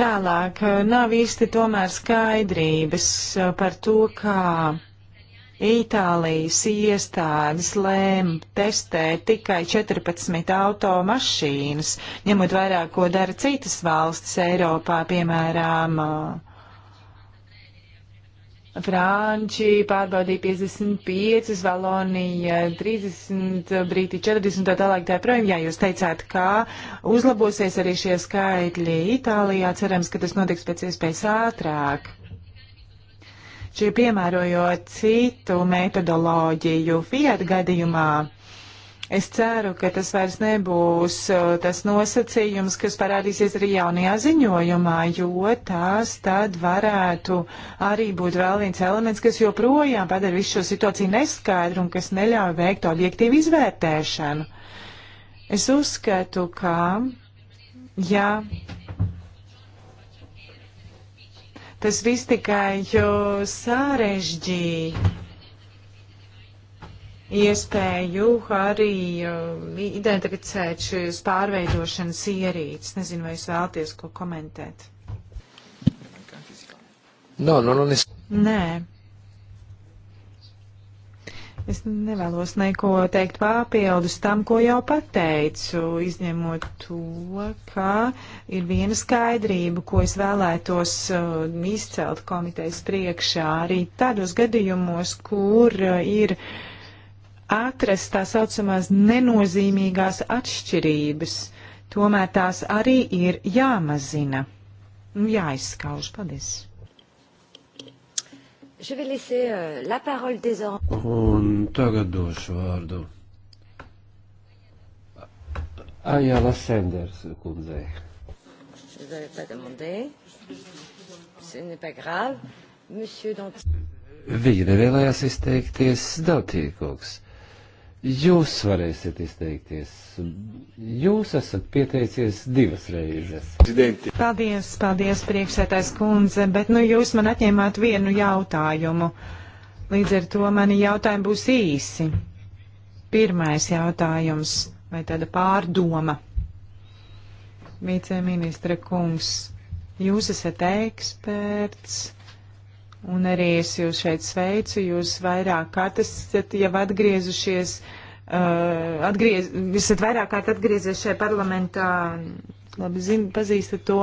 Tālāk eh, nav īsti tomēr skaidrības eh, par to, kā Itālijas iestādes lēma testēt tikai 14 automašīnas, ņemot vairāk, ko dara citas valstis Eiropā, piemēram, uh, Franči pārbaudīja 55, Valonija 30, Brīti 40 tā tālāk tā projām. Jā, jūs teicāt, kā uzlabosies arī šie skaitļi Itālijā. Cerams, ka tas notiks pēc iespējas ātrāk. Šie piemērojot citu metodoloģiju Fiat gadījumā Es ceru, ka tas vairs nebūs uh, tas nosacījums, kas parādīsies arī jaunajā ziņojumā, jo tās tad varētu arī būt vēl viens elements, kas joprojām padara visu šo situāciju neskaidru un kas neļauj veikt objektīvu izvērtēšanu. Es uzskatu, ka, ja tas viss tikai uh, sarežģīja iespēju arī um, identificēt šīs pārveidošanas ierīces. Nezinu, vai jūs vēlties ko komentēt. No, no, no, nes... Nē. Es nevēlos neko teikt papildus tam, ko jau pateicu, izņemot to, ka ir viena skaidrība, ko es vēlētos uh, izcelt komitejas priekšā arī tādos gadījumos, kur uh, ir uh, atrast tā saucamās nenozīmīgās atšķirības. Tomēr tās arī ir jāmazina un nu, jāizskauž. Paldies! Euh, un tagad došu vārdu Ajala Sanders kundzei. Je ne vous avais pas demandé. Ce n'est pas grave. Monsieur Dantier. Viņa nevēlējās izteikties Dautīkoks jūs varēsiet izteikties. Jūs esat pieteicies divas reizes. Paldies, paldies, priekšsētais kundze, bet nu jūs man atņēmāt vienu jautājumu. Līdz ar to mani jautājumi būs īsi. Pirmais jautājums vai tāda pārdoma. Viceministra kungs, jūs esat eksperts Un arī es jūs šeit sveicu, jūs vairāk kā tas jau atgriezušies, uh, atgriez, esat vairāk kā atgriezies šajā parlamentā, labi zin, pazīstat to.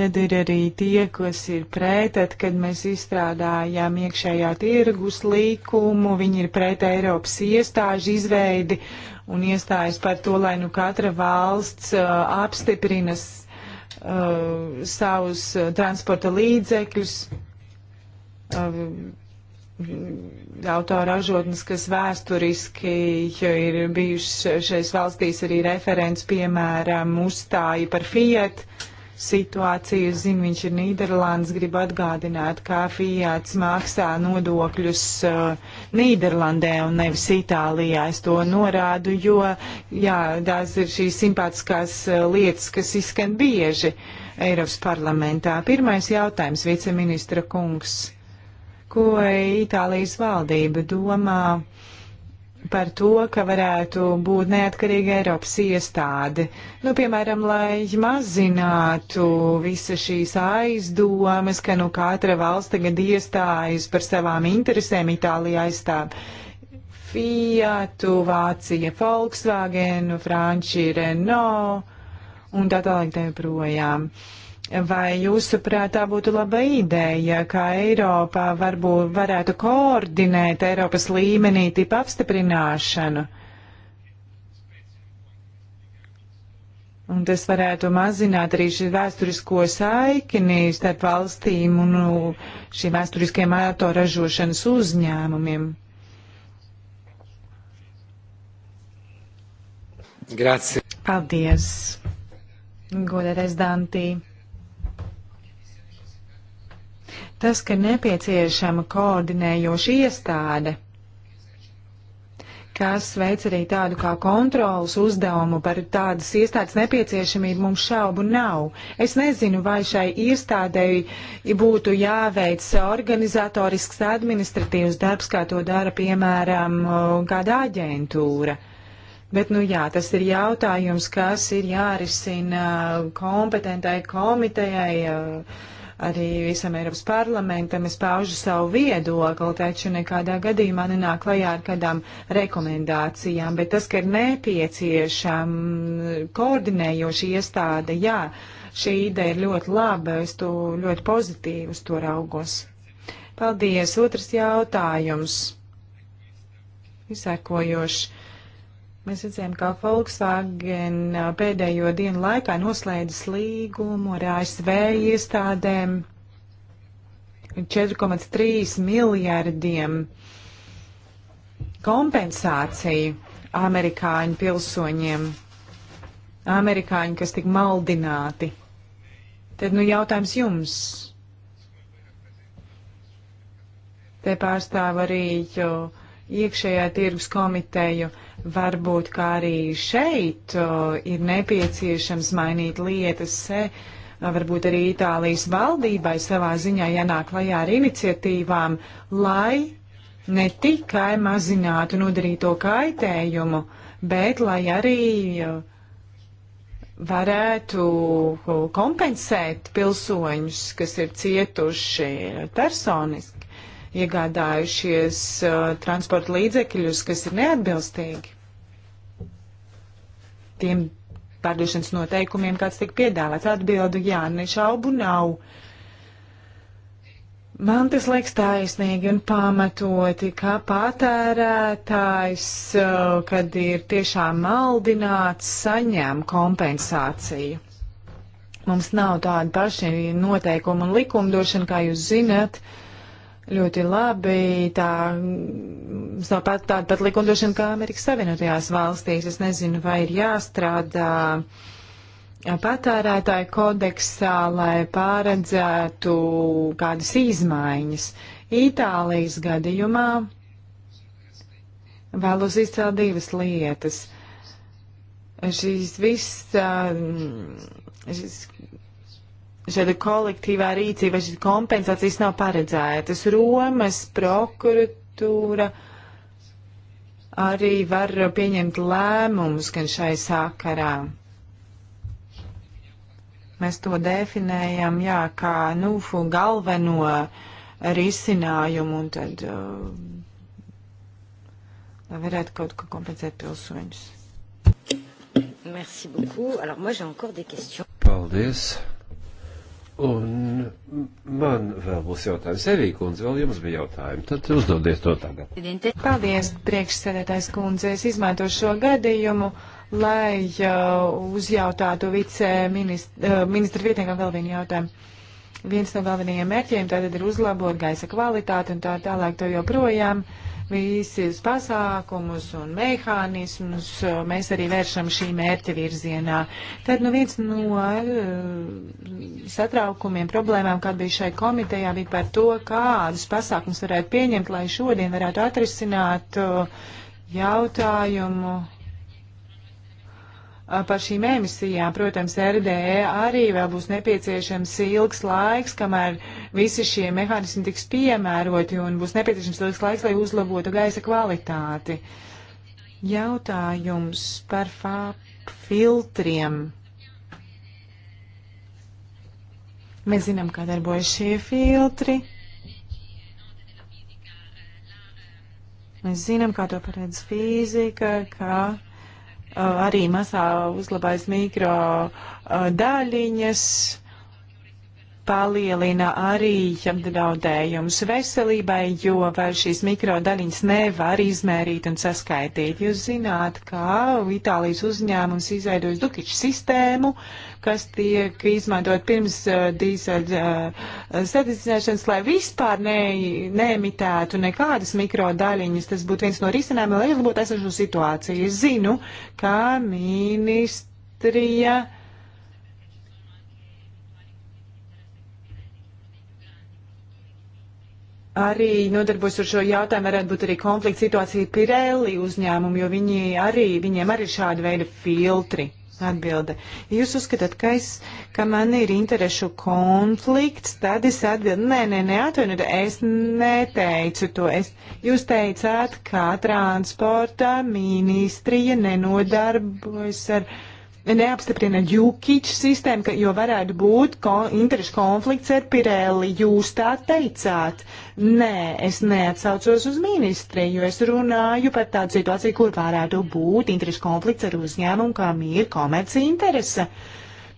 Tad ir arī tie, kas ir pret, tad, kad mēs izstrādājām iekšējā tirgus līkumu, viņi ir pret Eiropas iestāžu izveidi un iestājas par to, lai nu katra valsts uh, apstiprinas uh, savus uh, transporta līdzekļus, uh, autoražotnes, kas vēsturiski ir bijušas šais valstīs arī referents, piemēram, uzstāja par Fiat. Uh, situāciju. Es zinu, viņš ir Nīderlands. Gribu atgādināt, kā Fiats maksā nodokļus uh, Nīderlandē un nevis Itālijā. Es to norādu, jo jā, tās ir šīs simpātiskās uh, lietas, kas izskan bieži Eiropas parlamentā. Pirmais jautājums, viceministra kungs. Ko Itālijas valdība domā? Uh, par to, ka varētu būt neatkarīga Eiropas iestāde. Nu, piemēram, lai mazinātu visa šīs aizdomas, ka nu katra valsts tagad iestājas par savām interesēm, Itālija aizstāv Fiat, Vācija Volkswagen, Franči Renault un tā tālāk tā joprojām. Tā Vai jūsuprāt tā būtu laba ideja, kā Eiropā varbūt varētu koordinēt Eiropas līmenī tipu apstiprināšanu? Un tas varētu mazināt arī šī vēsturisko saikni starp valstīm un nu, šiem vēsturiskiem autoražošanas uzņēmumiem. Grazie. Paldies. Godētais Dantī tas, ka ir nepieciešama koordinējoša iestāde, kas veic arī tādu kā kontrolas uzdevumu par tādas iestādes nepieciešamību, mums šaubu nav. Es nezinu, vai šai iestādēji būtu jāveic organizatorisks administratīvs darbs, kā to dara, piemēram, kāda aģentūra. Bet, nu jā, tas ir jautājums, kas ir jārisina kompetentai komitejai. Uh, arī visam Eiropas parlamentam es paužu savu viedokli, taču nekādā gadījumā nenāk klajā ar kādām rekomendācijām, bet tas, ka ir nepieciešama koordinējoša iestāde, jā, šī ideja ir ļoti laba, es to ļoti pozitīvi uz to raugos. Paldies. Otrs jautājums. Izsēkojoši Mēs redzējām, kā Volkswagen pēdējo dienu laikā noslēdzas līgumu ar ASV iestādēm 4,3 miljārdiem kompensāciju amerikāņu pilsoņiem, amerikāņu, kas tik maldināti. Tad nu jautājums jums. Te pārstāv arī jau iekšējā tirgus komiteju. Varbūt kā arī šeit ir nepieciešams mainīt lietas. Varbūt arī Itālijas valdībai savā ziņā jānāk klajā ar iniciatīvām, lai ne tikai mazinātu nodarīto kaitējumu, bet lai arī varētu kompensēt pilsoņus, kas ir cietuši personiski iegādājušies uh, transporta līdzekļus, kas ir neatbilstīgi tiem pārdošanas noteikumiem, kāds tika piedāvāts. Atbildu, jā, ne šaubu nav. Man tas liekas taisnīgi un pamatoti, kā patērētājs, uh, kad ir tiešām maldināts, saņem kompensāciju. Mums nav tāda paša noteikuma un likumdošana, kā jūs zinat. Uh, Ļoti labi. Tā mums nav pat tāda pat likumdošana kā Amerikas Savienotajās valstīs. Es nezinu, vai ir jāstrādā patērētāju kodeksā, lai pārredzētu kādas izmaiņas. Itālijas gadījumā vēlos izcelt divas lietas. Šīs viss, um, šis šāda kolektīvā rīcība, šī kompensācijas nav paredzētas. Romas prokuratūra arī var pieņemt lēmumus gan šai sakarā. Mēs to definējam, jā, kā, nu, galveno risinājumu un tad, uh, lai varētu kaut ko kompensēt pilsoņus. Merci beaucoup. Alors moi j'ai encore des questions. Paldies. Un man vēl būs jautājums. Evī kundze, vēl jums bija jautājumi. Tad uzdodies to tagad. Paldies, priekšsēdētājs kundze. Es izmantošu šo gadījumu, lai uh, uzjautātu vice ministra, uh, ministra vietniekam vēl vienu jautājumu. Viens no galvenajiem mērķiem tātad ir uzlabot gaisa kvalitāti un tā tālāk to joprojām. Uh, visus pasākumus un mehānismus mēs arī vēršam šī mērķa virzienā. Tad nu, viens no eh, satraukumiem, problēmām, kāda bija šai komitejā, bija par to, kādus pasākumus varētu pieņemt, lai šodien varētu atrisināt eh, jautājumu par šīm emisijām. Protams, RDE arī vēl būs nepieciešams ilgs laiks, kamēr visi šie mehānismi tiks piemēroti un būs nepieciešams ilgs laiks, lai uzlabotu gaisa kvalitāti. Jautājums par FAP filtriem. Mēs zinām, kā darbojas šie filtri. Mēs zinām, kā to paredz fizika, kā. Ka arī masā uzlabājas mikro daļiņas palielina arī draudējumus veselībai, jo vairs šīs mikrodaļiņas nevar izmērīt un saskaitīt. Jūs zināt, ka Itālijas uzņēmums izveidojas dukiču sistēmu, kas tiek izmantot pirms uh, dīzeļa uh, satīstināšanas, lai vispār ne, neemitētu nekādas mikrodaļiņas. Tas būtu viens no risinājumiem, lai uzlabotu esošo situāciju. Es zinu, ka ministrija. Uh, arī nodarbojas ar šo jautājumu, varētu būt arī konflikta situācija Pirelli uzņēmumu, jo viņi arī, viņiem arī šāda veida filtri. Atbilde. Jūs uzskatāt, ka, es, ka man ir interešu konflikts, tad es atbildu, nē, nē, nē, atvainojiet, es neteicu to. Es, jūs teicāt, ka transporta ministrija nenodarbojas ar. Uh, neapstiprina Jukičs sistēmu, ka, jo varētu būt kon, interešu konflikts ar Pirelli. Jūs tā teicāt. Nē, es neatsaucos uz ministri, jo es runāju par tādu situāciju, kur varētu būt interešu konflikts ar uzņēmumu, kam ir komerci interese.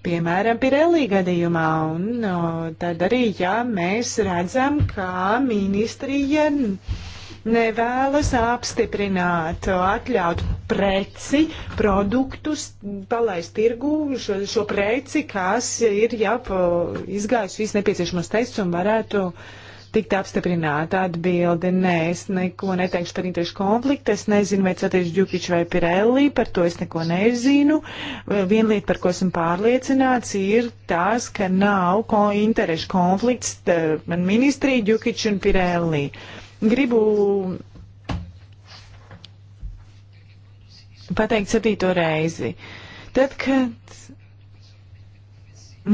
Piemēram, Pirelli gadījumā, un no, tad arī, ja mēs redzam, kā ministrija. Ja nevēlas apstiprināt, atļaut preci, produktus, palaist tirgū šo, šo preci, kas ir jau izgājusi visu nepieciešamos tests un varētu tikt apstiprināta atbildi. Nē, es neko neteikšu par interešu konfliktu, es nezinu, vai Cetieši Džukič vai Pirelli, par to es neko nezinu. Viena lieta, par ko esmu pārliecināts, ir tās, ka nav ko interešu konflikts eh, man ministrija Džukič un Pirelli. Uh, Gribu pateikt septīto reizi. Tad, kad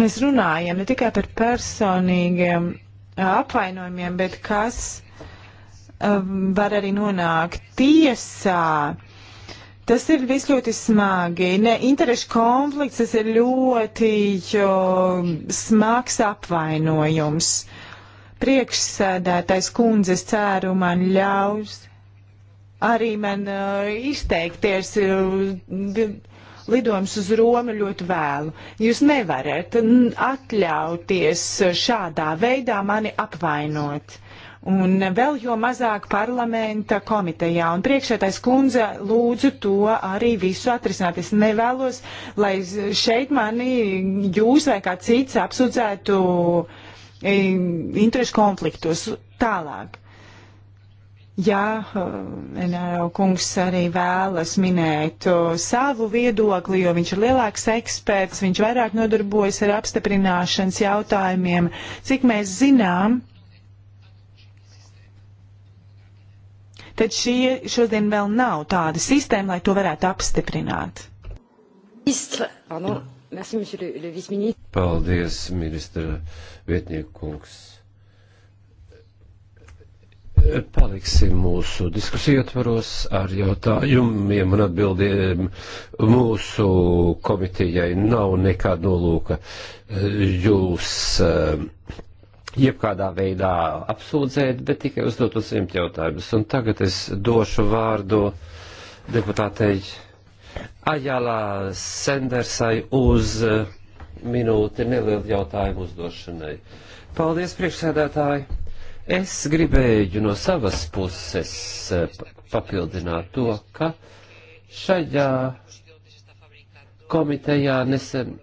mēs runājam ne tikai par personīgiem apvainojumiem, bet kas um, var arī nonākt tiesā. Tas ir viss ļoti smagi. Ne, interešu konflikts, tas ir ļoti jo, um, smags apvainojums. Uh, priekšsēdētais kundzes ceru man ļaus arī man uh, izteikties. Uh, lidojums uz Romu ļoti vēlu. Jūs nevarat atļauties šādā veidā mani apvainot. Un vēl jo mazāk parlamenta komitejā. Un priekšētais kundze lūdzu to arī visu atrisināt. Es nevēlos, lai šeit mani jūs vai kā cits apsūdzētu uh, interešu konfliktos tālāk. Jā, Nēro kungs arī vēlas minēt savu viedokli, jo viņš ir lielāks eksperts, viņš vairāk nodarbojas ar apstiprināšanas jautājumiem. Cik mēs zinām, tad šie šodien vēl nav tāda sistēma, lai to varētu apstiprināt. Ministre, pardon, Paldies, ministra vietnieku kungs. Paliksim mūsu diskusiju atvaros ar jautājumiem un atbildiem. Mūsu komitejai nav nekāda nolūka jūs eh, jebkādā veidā apsūdzēt, bet tikai uzdot uz simt jautājumus. Un tagad es došu vārdu deputātei. Ajālā Sendersai uz eh, minūti nelielu jautājumu uzdošanai. Paldies, priekšsēdētāji! Es gribēju no savas puses eh, papildināt to, ka šajā komitejā nesen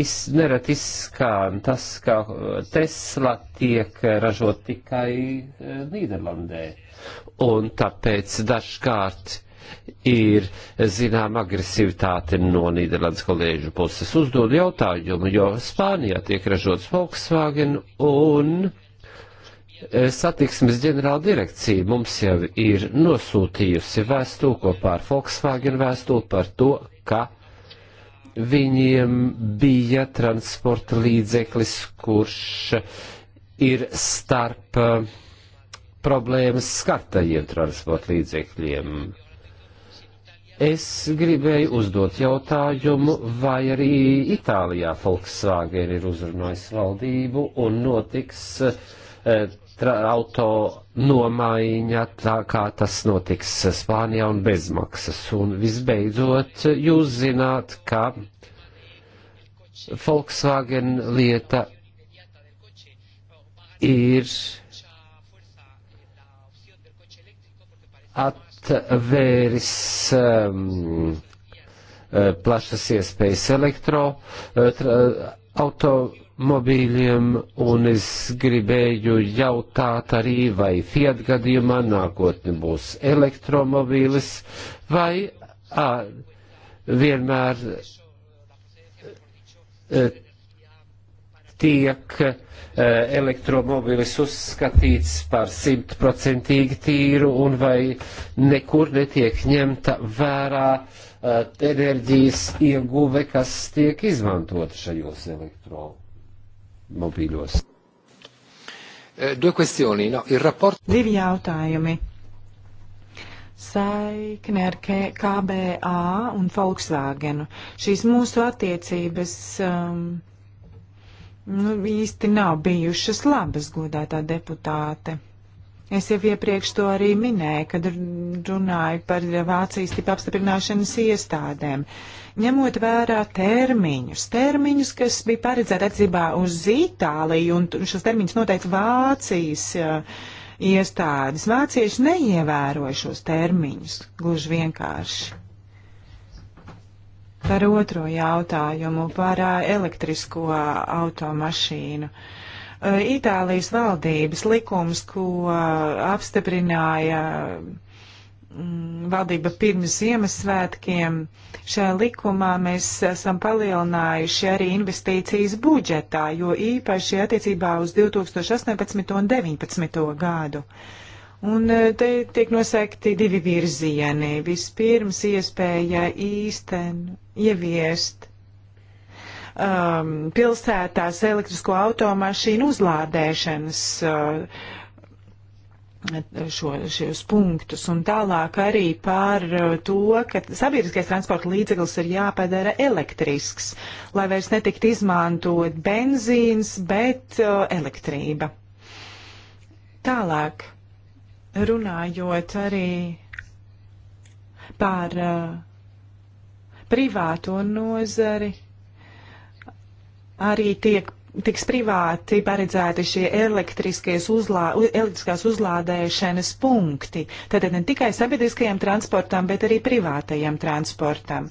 iz, nerad izskan tas, ka Tesla tiek ražot tikai eh, Nīderlandē. Un tāpēc dažkārt ir zinām agresivitāte no Nīderlandes kolēģu puses. Uzdod jautājumu, jo Spānijā tiek ražots Volkswagen un e, satiksmes ģenerāla direkcija mums jau ir nosūtījusi vēstuli kopā ar Volkswagen vēstuli par to, ka viņiem bija transporta līdzeklis, kurš ir starp e, problēmas skartajiem transporta līdzekļiem. Es gribēju uzdot jautājumu, vai arī Itālijā Volkswagen ir uzrunājis valdību un notiks eh, tra, auto nomaiņa tā, kā tas notiks Spānijā un bezmaksas. Un visbeidzot, jūs zināt, ka Volkswagen lieta ir at atvēris um, uh, plašas iespējas elektro uh, tra, automobīļiem, un es gribēju jautāt arī, vai Fiat gadījumā nākotne būs elektromobīlis, vai a, vienmēr uh, tiek eh, elektromobilis uzskatīts par simtprocentīgi tīru un vai nekur netiek ņemta vērā eh, enerģijas ieguve, kas tiek izmantota šajos elektromobīļos. Eh, Divi jautājumi. Saikne ar KBA un Volkswagenu. Šīs mūsu attiecības. Um, nu, īsti nav bijušas labas, godātā deputāte. Es jau iepriekš to arī minēju, kad runāju par Vācijas tipu apstiprināšanas iestādēm. Ņemot vērā termiņus, termiņus, kas bija paredzēti atzīmā uz Itāliju, un šos termiņus noteikti Vācijas uh, iestādes. Vācieši neievēroja šos termiņus, gluži vienkārši. Par otro jautājumu par elektrisko automašīnu. Itālijas valdības likums, ko apstiprināja valdība pirms Ziemassvētkiem. Šajā likumā mēs esam palielinājuši arī investīcijas budžetā, jo īpaši attiecībā uz 2018 un 2019 gadu. Uh, Un e, te tiek nosekti divi virzieni. Vispirms iespēja īsten ieviest um, pilsētās elektrisko automašīnu uzlādēšanas uh, šo, šos punktus. Un tālāk arī par e, to, ka sabiedriskais transporta līdzeklis ir jāpadara elektrisks, lai vairs netikt izmantot benzīns, bet uh, elektrība. Tālāk runājot arī par uh, privāto nozari, arī tiek, tiks privāti paredzēti šie uzlā, elektriskās uzlādēšanas punkti. Tātad ne tikai sabiedriskajam transportam, bet arī privātajam transportam.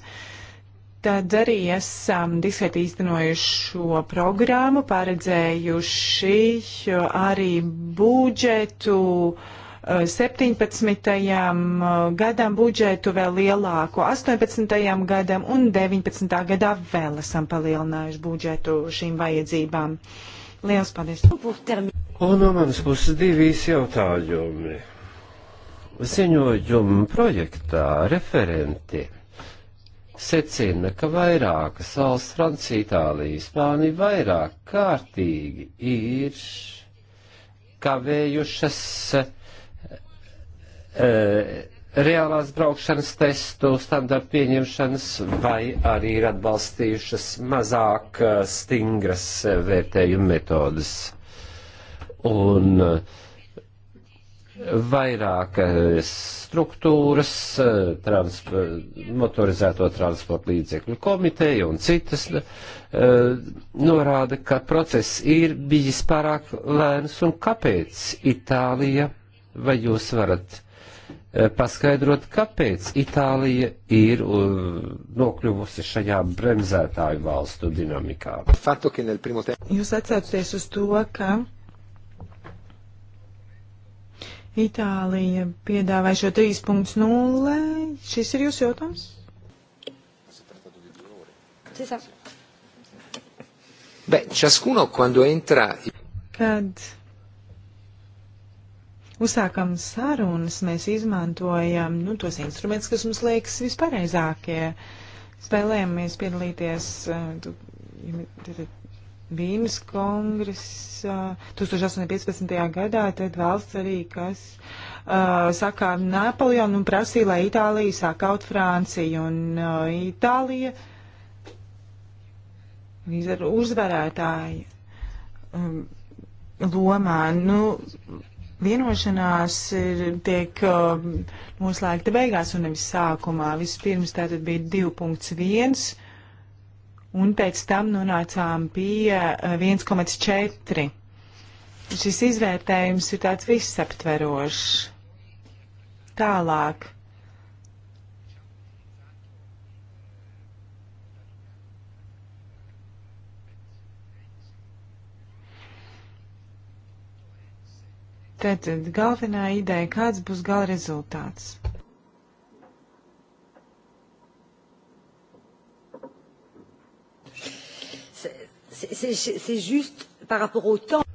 Tad arī esam diskutēt īstenojuši šo programmu, paredzējuši arī budžetu uh, 17. Eh, eh, gadam budžetu vēl lielāko, 18. gadam un 19. gadā vēl esam palielinājuši budžetu šīm vajadzībām. Lielas paldies! Un no manas puses divīs jautājumi. Ziņojuma projektā referenti secina, ka vairākas valsts, Francija, Itālija, Spānija vairāk kārtīgi ir kavējušas Eh, reālās braukšanas testu standartu pieņemšanas, vai arī ir atbalstījušas mazāk eh, stingras eh, vērtējuma metodas. Un vairāk struktūras, trans, motorizēto transportu līdzekļu komiteja un citas norāda, ka process ir bijis pārāk lēns un kāpēc Itālija, vai jūs varat Eh, paskaidrot, kāpēc Itālija ir eh, nokļuvusi šajā bremzētāju valstu dinamikā. Jūs atsaucaties uz to, ka Itālija piedāvā šo 3.0. Šis ir jūsu jautājums? Beh, ciascuno quando entra. Kad uzsākam sarunas, mēs izmantojam nu, tos instrumentus, kas mums liekas vispareizākie. Spēlējamies piedalīties uh, eh, Vīnas kongresa 1815. Eh, gadā, tad valsts arī, kas uh, eh, sakā Napoleonu un prasīja, lai Itālija sakaut Franciju, un uh, Itālija ir uzvarētāja um, lomā. Nu, vienošanās ir, tiek uh, noslēgta beigās un nevis sākumā. Vispirms tātad bija 2.1 un pēc tam nonācām pie uh, 1.4. Šis izvērtējums ir tāds visaptverošs. Tālāk Tad galvenā ideja, kāds būs gala rezultāts. C'est juste par rapport au temps.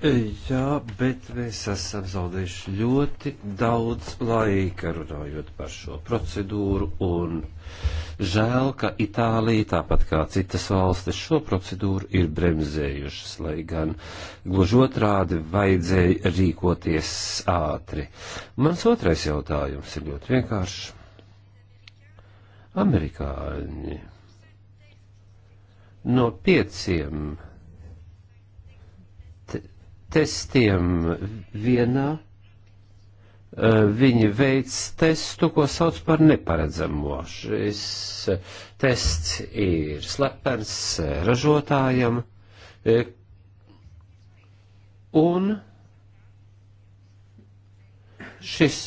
Jā, bet mēs esam zaudējuši ļoti daudz laika runājot par šo procedūru, un žēl, ka Itālija, tāpat kā citas valstis, šo procedūru ir bremzējušas, lai gan gluži otrādi vajadzēja rīkoties ātri. Mans otrais jautājums ir ļoti vienkāršs. Amerikāņi no pieciem testiem vienā eh, viņi veic testu, ko sauc par neparedzamo. Šis eh, tests ir slepens ražotājam, eh, un šis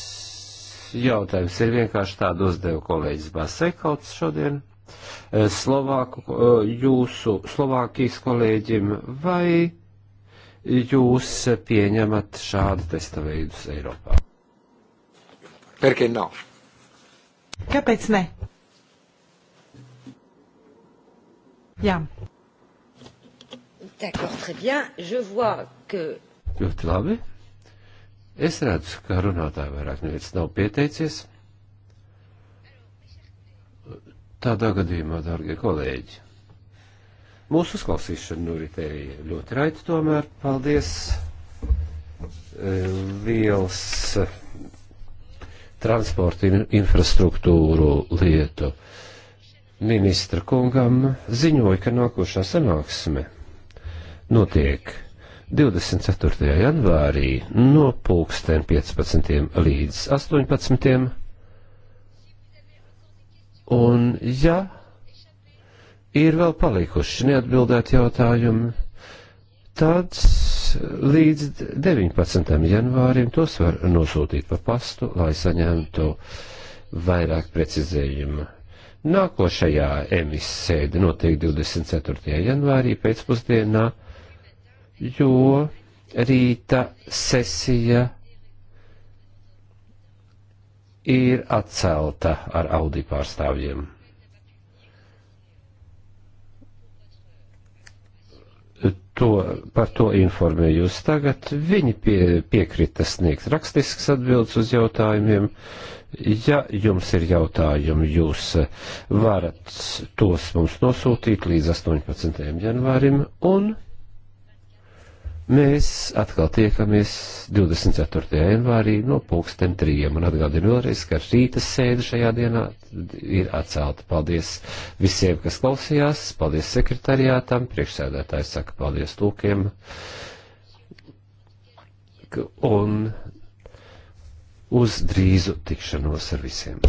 jautājums ir vienkārši tādu uzdevu kolēģis Basekauts šodien. Slovāku, jūsu Slovākijas kolēģim vai jūs pieņemat šādu testa veidus Eiropā? Perché no? Kāpēc ne? Jā. D'accord, très bien. Je vois que. Ļoti labi. Es redzu, ka runātāji vairāk neviens nav pieteicies. Tādā gadījumā, dārgie kolēģi, Mūsu uzklausīšana noritēja nu ļoti raiti tomēr. Paldies! E, Liels transporta infrastruktūru lietu ministra kungam ziņoja, ka nākošā sanāksme notiek 24. janvārī no pulksten 15. līdz 18. Un, ja ir vēl palikuši neatbildēti jautājumi, tad līdz 19. janvārim tos var nosūtīt pa pastu, lai saņemtu vairāk precizējumu. Nākošajā emis sēde notiek 24. janvārī pēcpusdienā, jo rīta sesija ir atcelta ar Audi pārstāvjiem. to, par to informēju jūs tagad. Viņi pie, piekrita sniegt rakstisks atbildes uz jautājumiem. Ja jums ir jautājumi, jūs eh, varat tos mums nosūtīt līdz 18. janvārim, un Mēs atkal tiekamies 24. janvārī no pulksten trījiem un atgādinu vēlreiz, ka rīta sēde šajā dienā ir atcelta. Paldies visiem, kas klausījās, paldies sekretariātam, priekšsēdētājs saka paldies tūkiem. Un uz drīzu tikšanos ar visiem.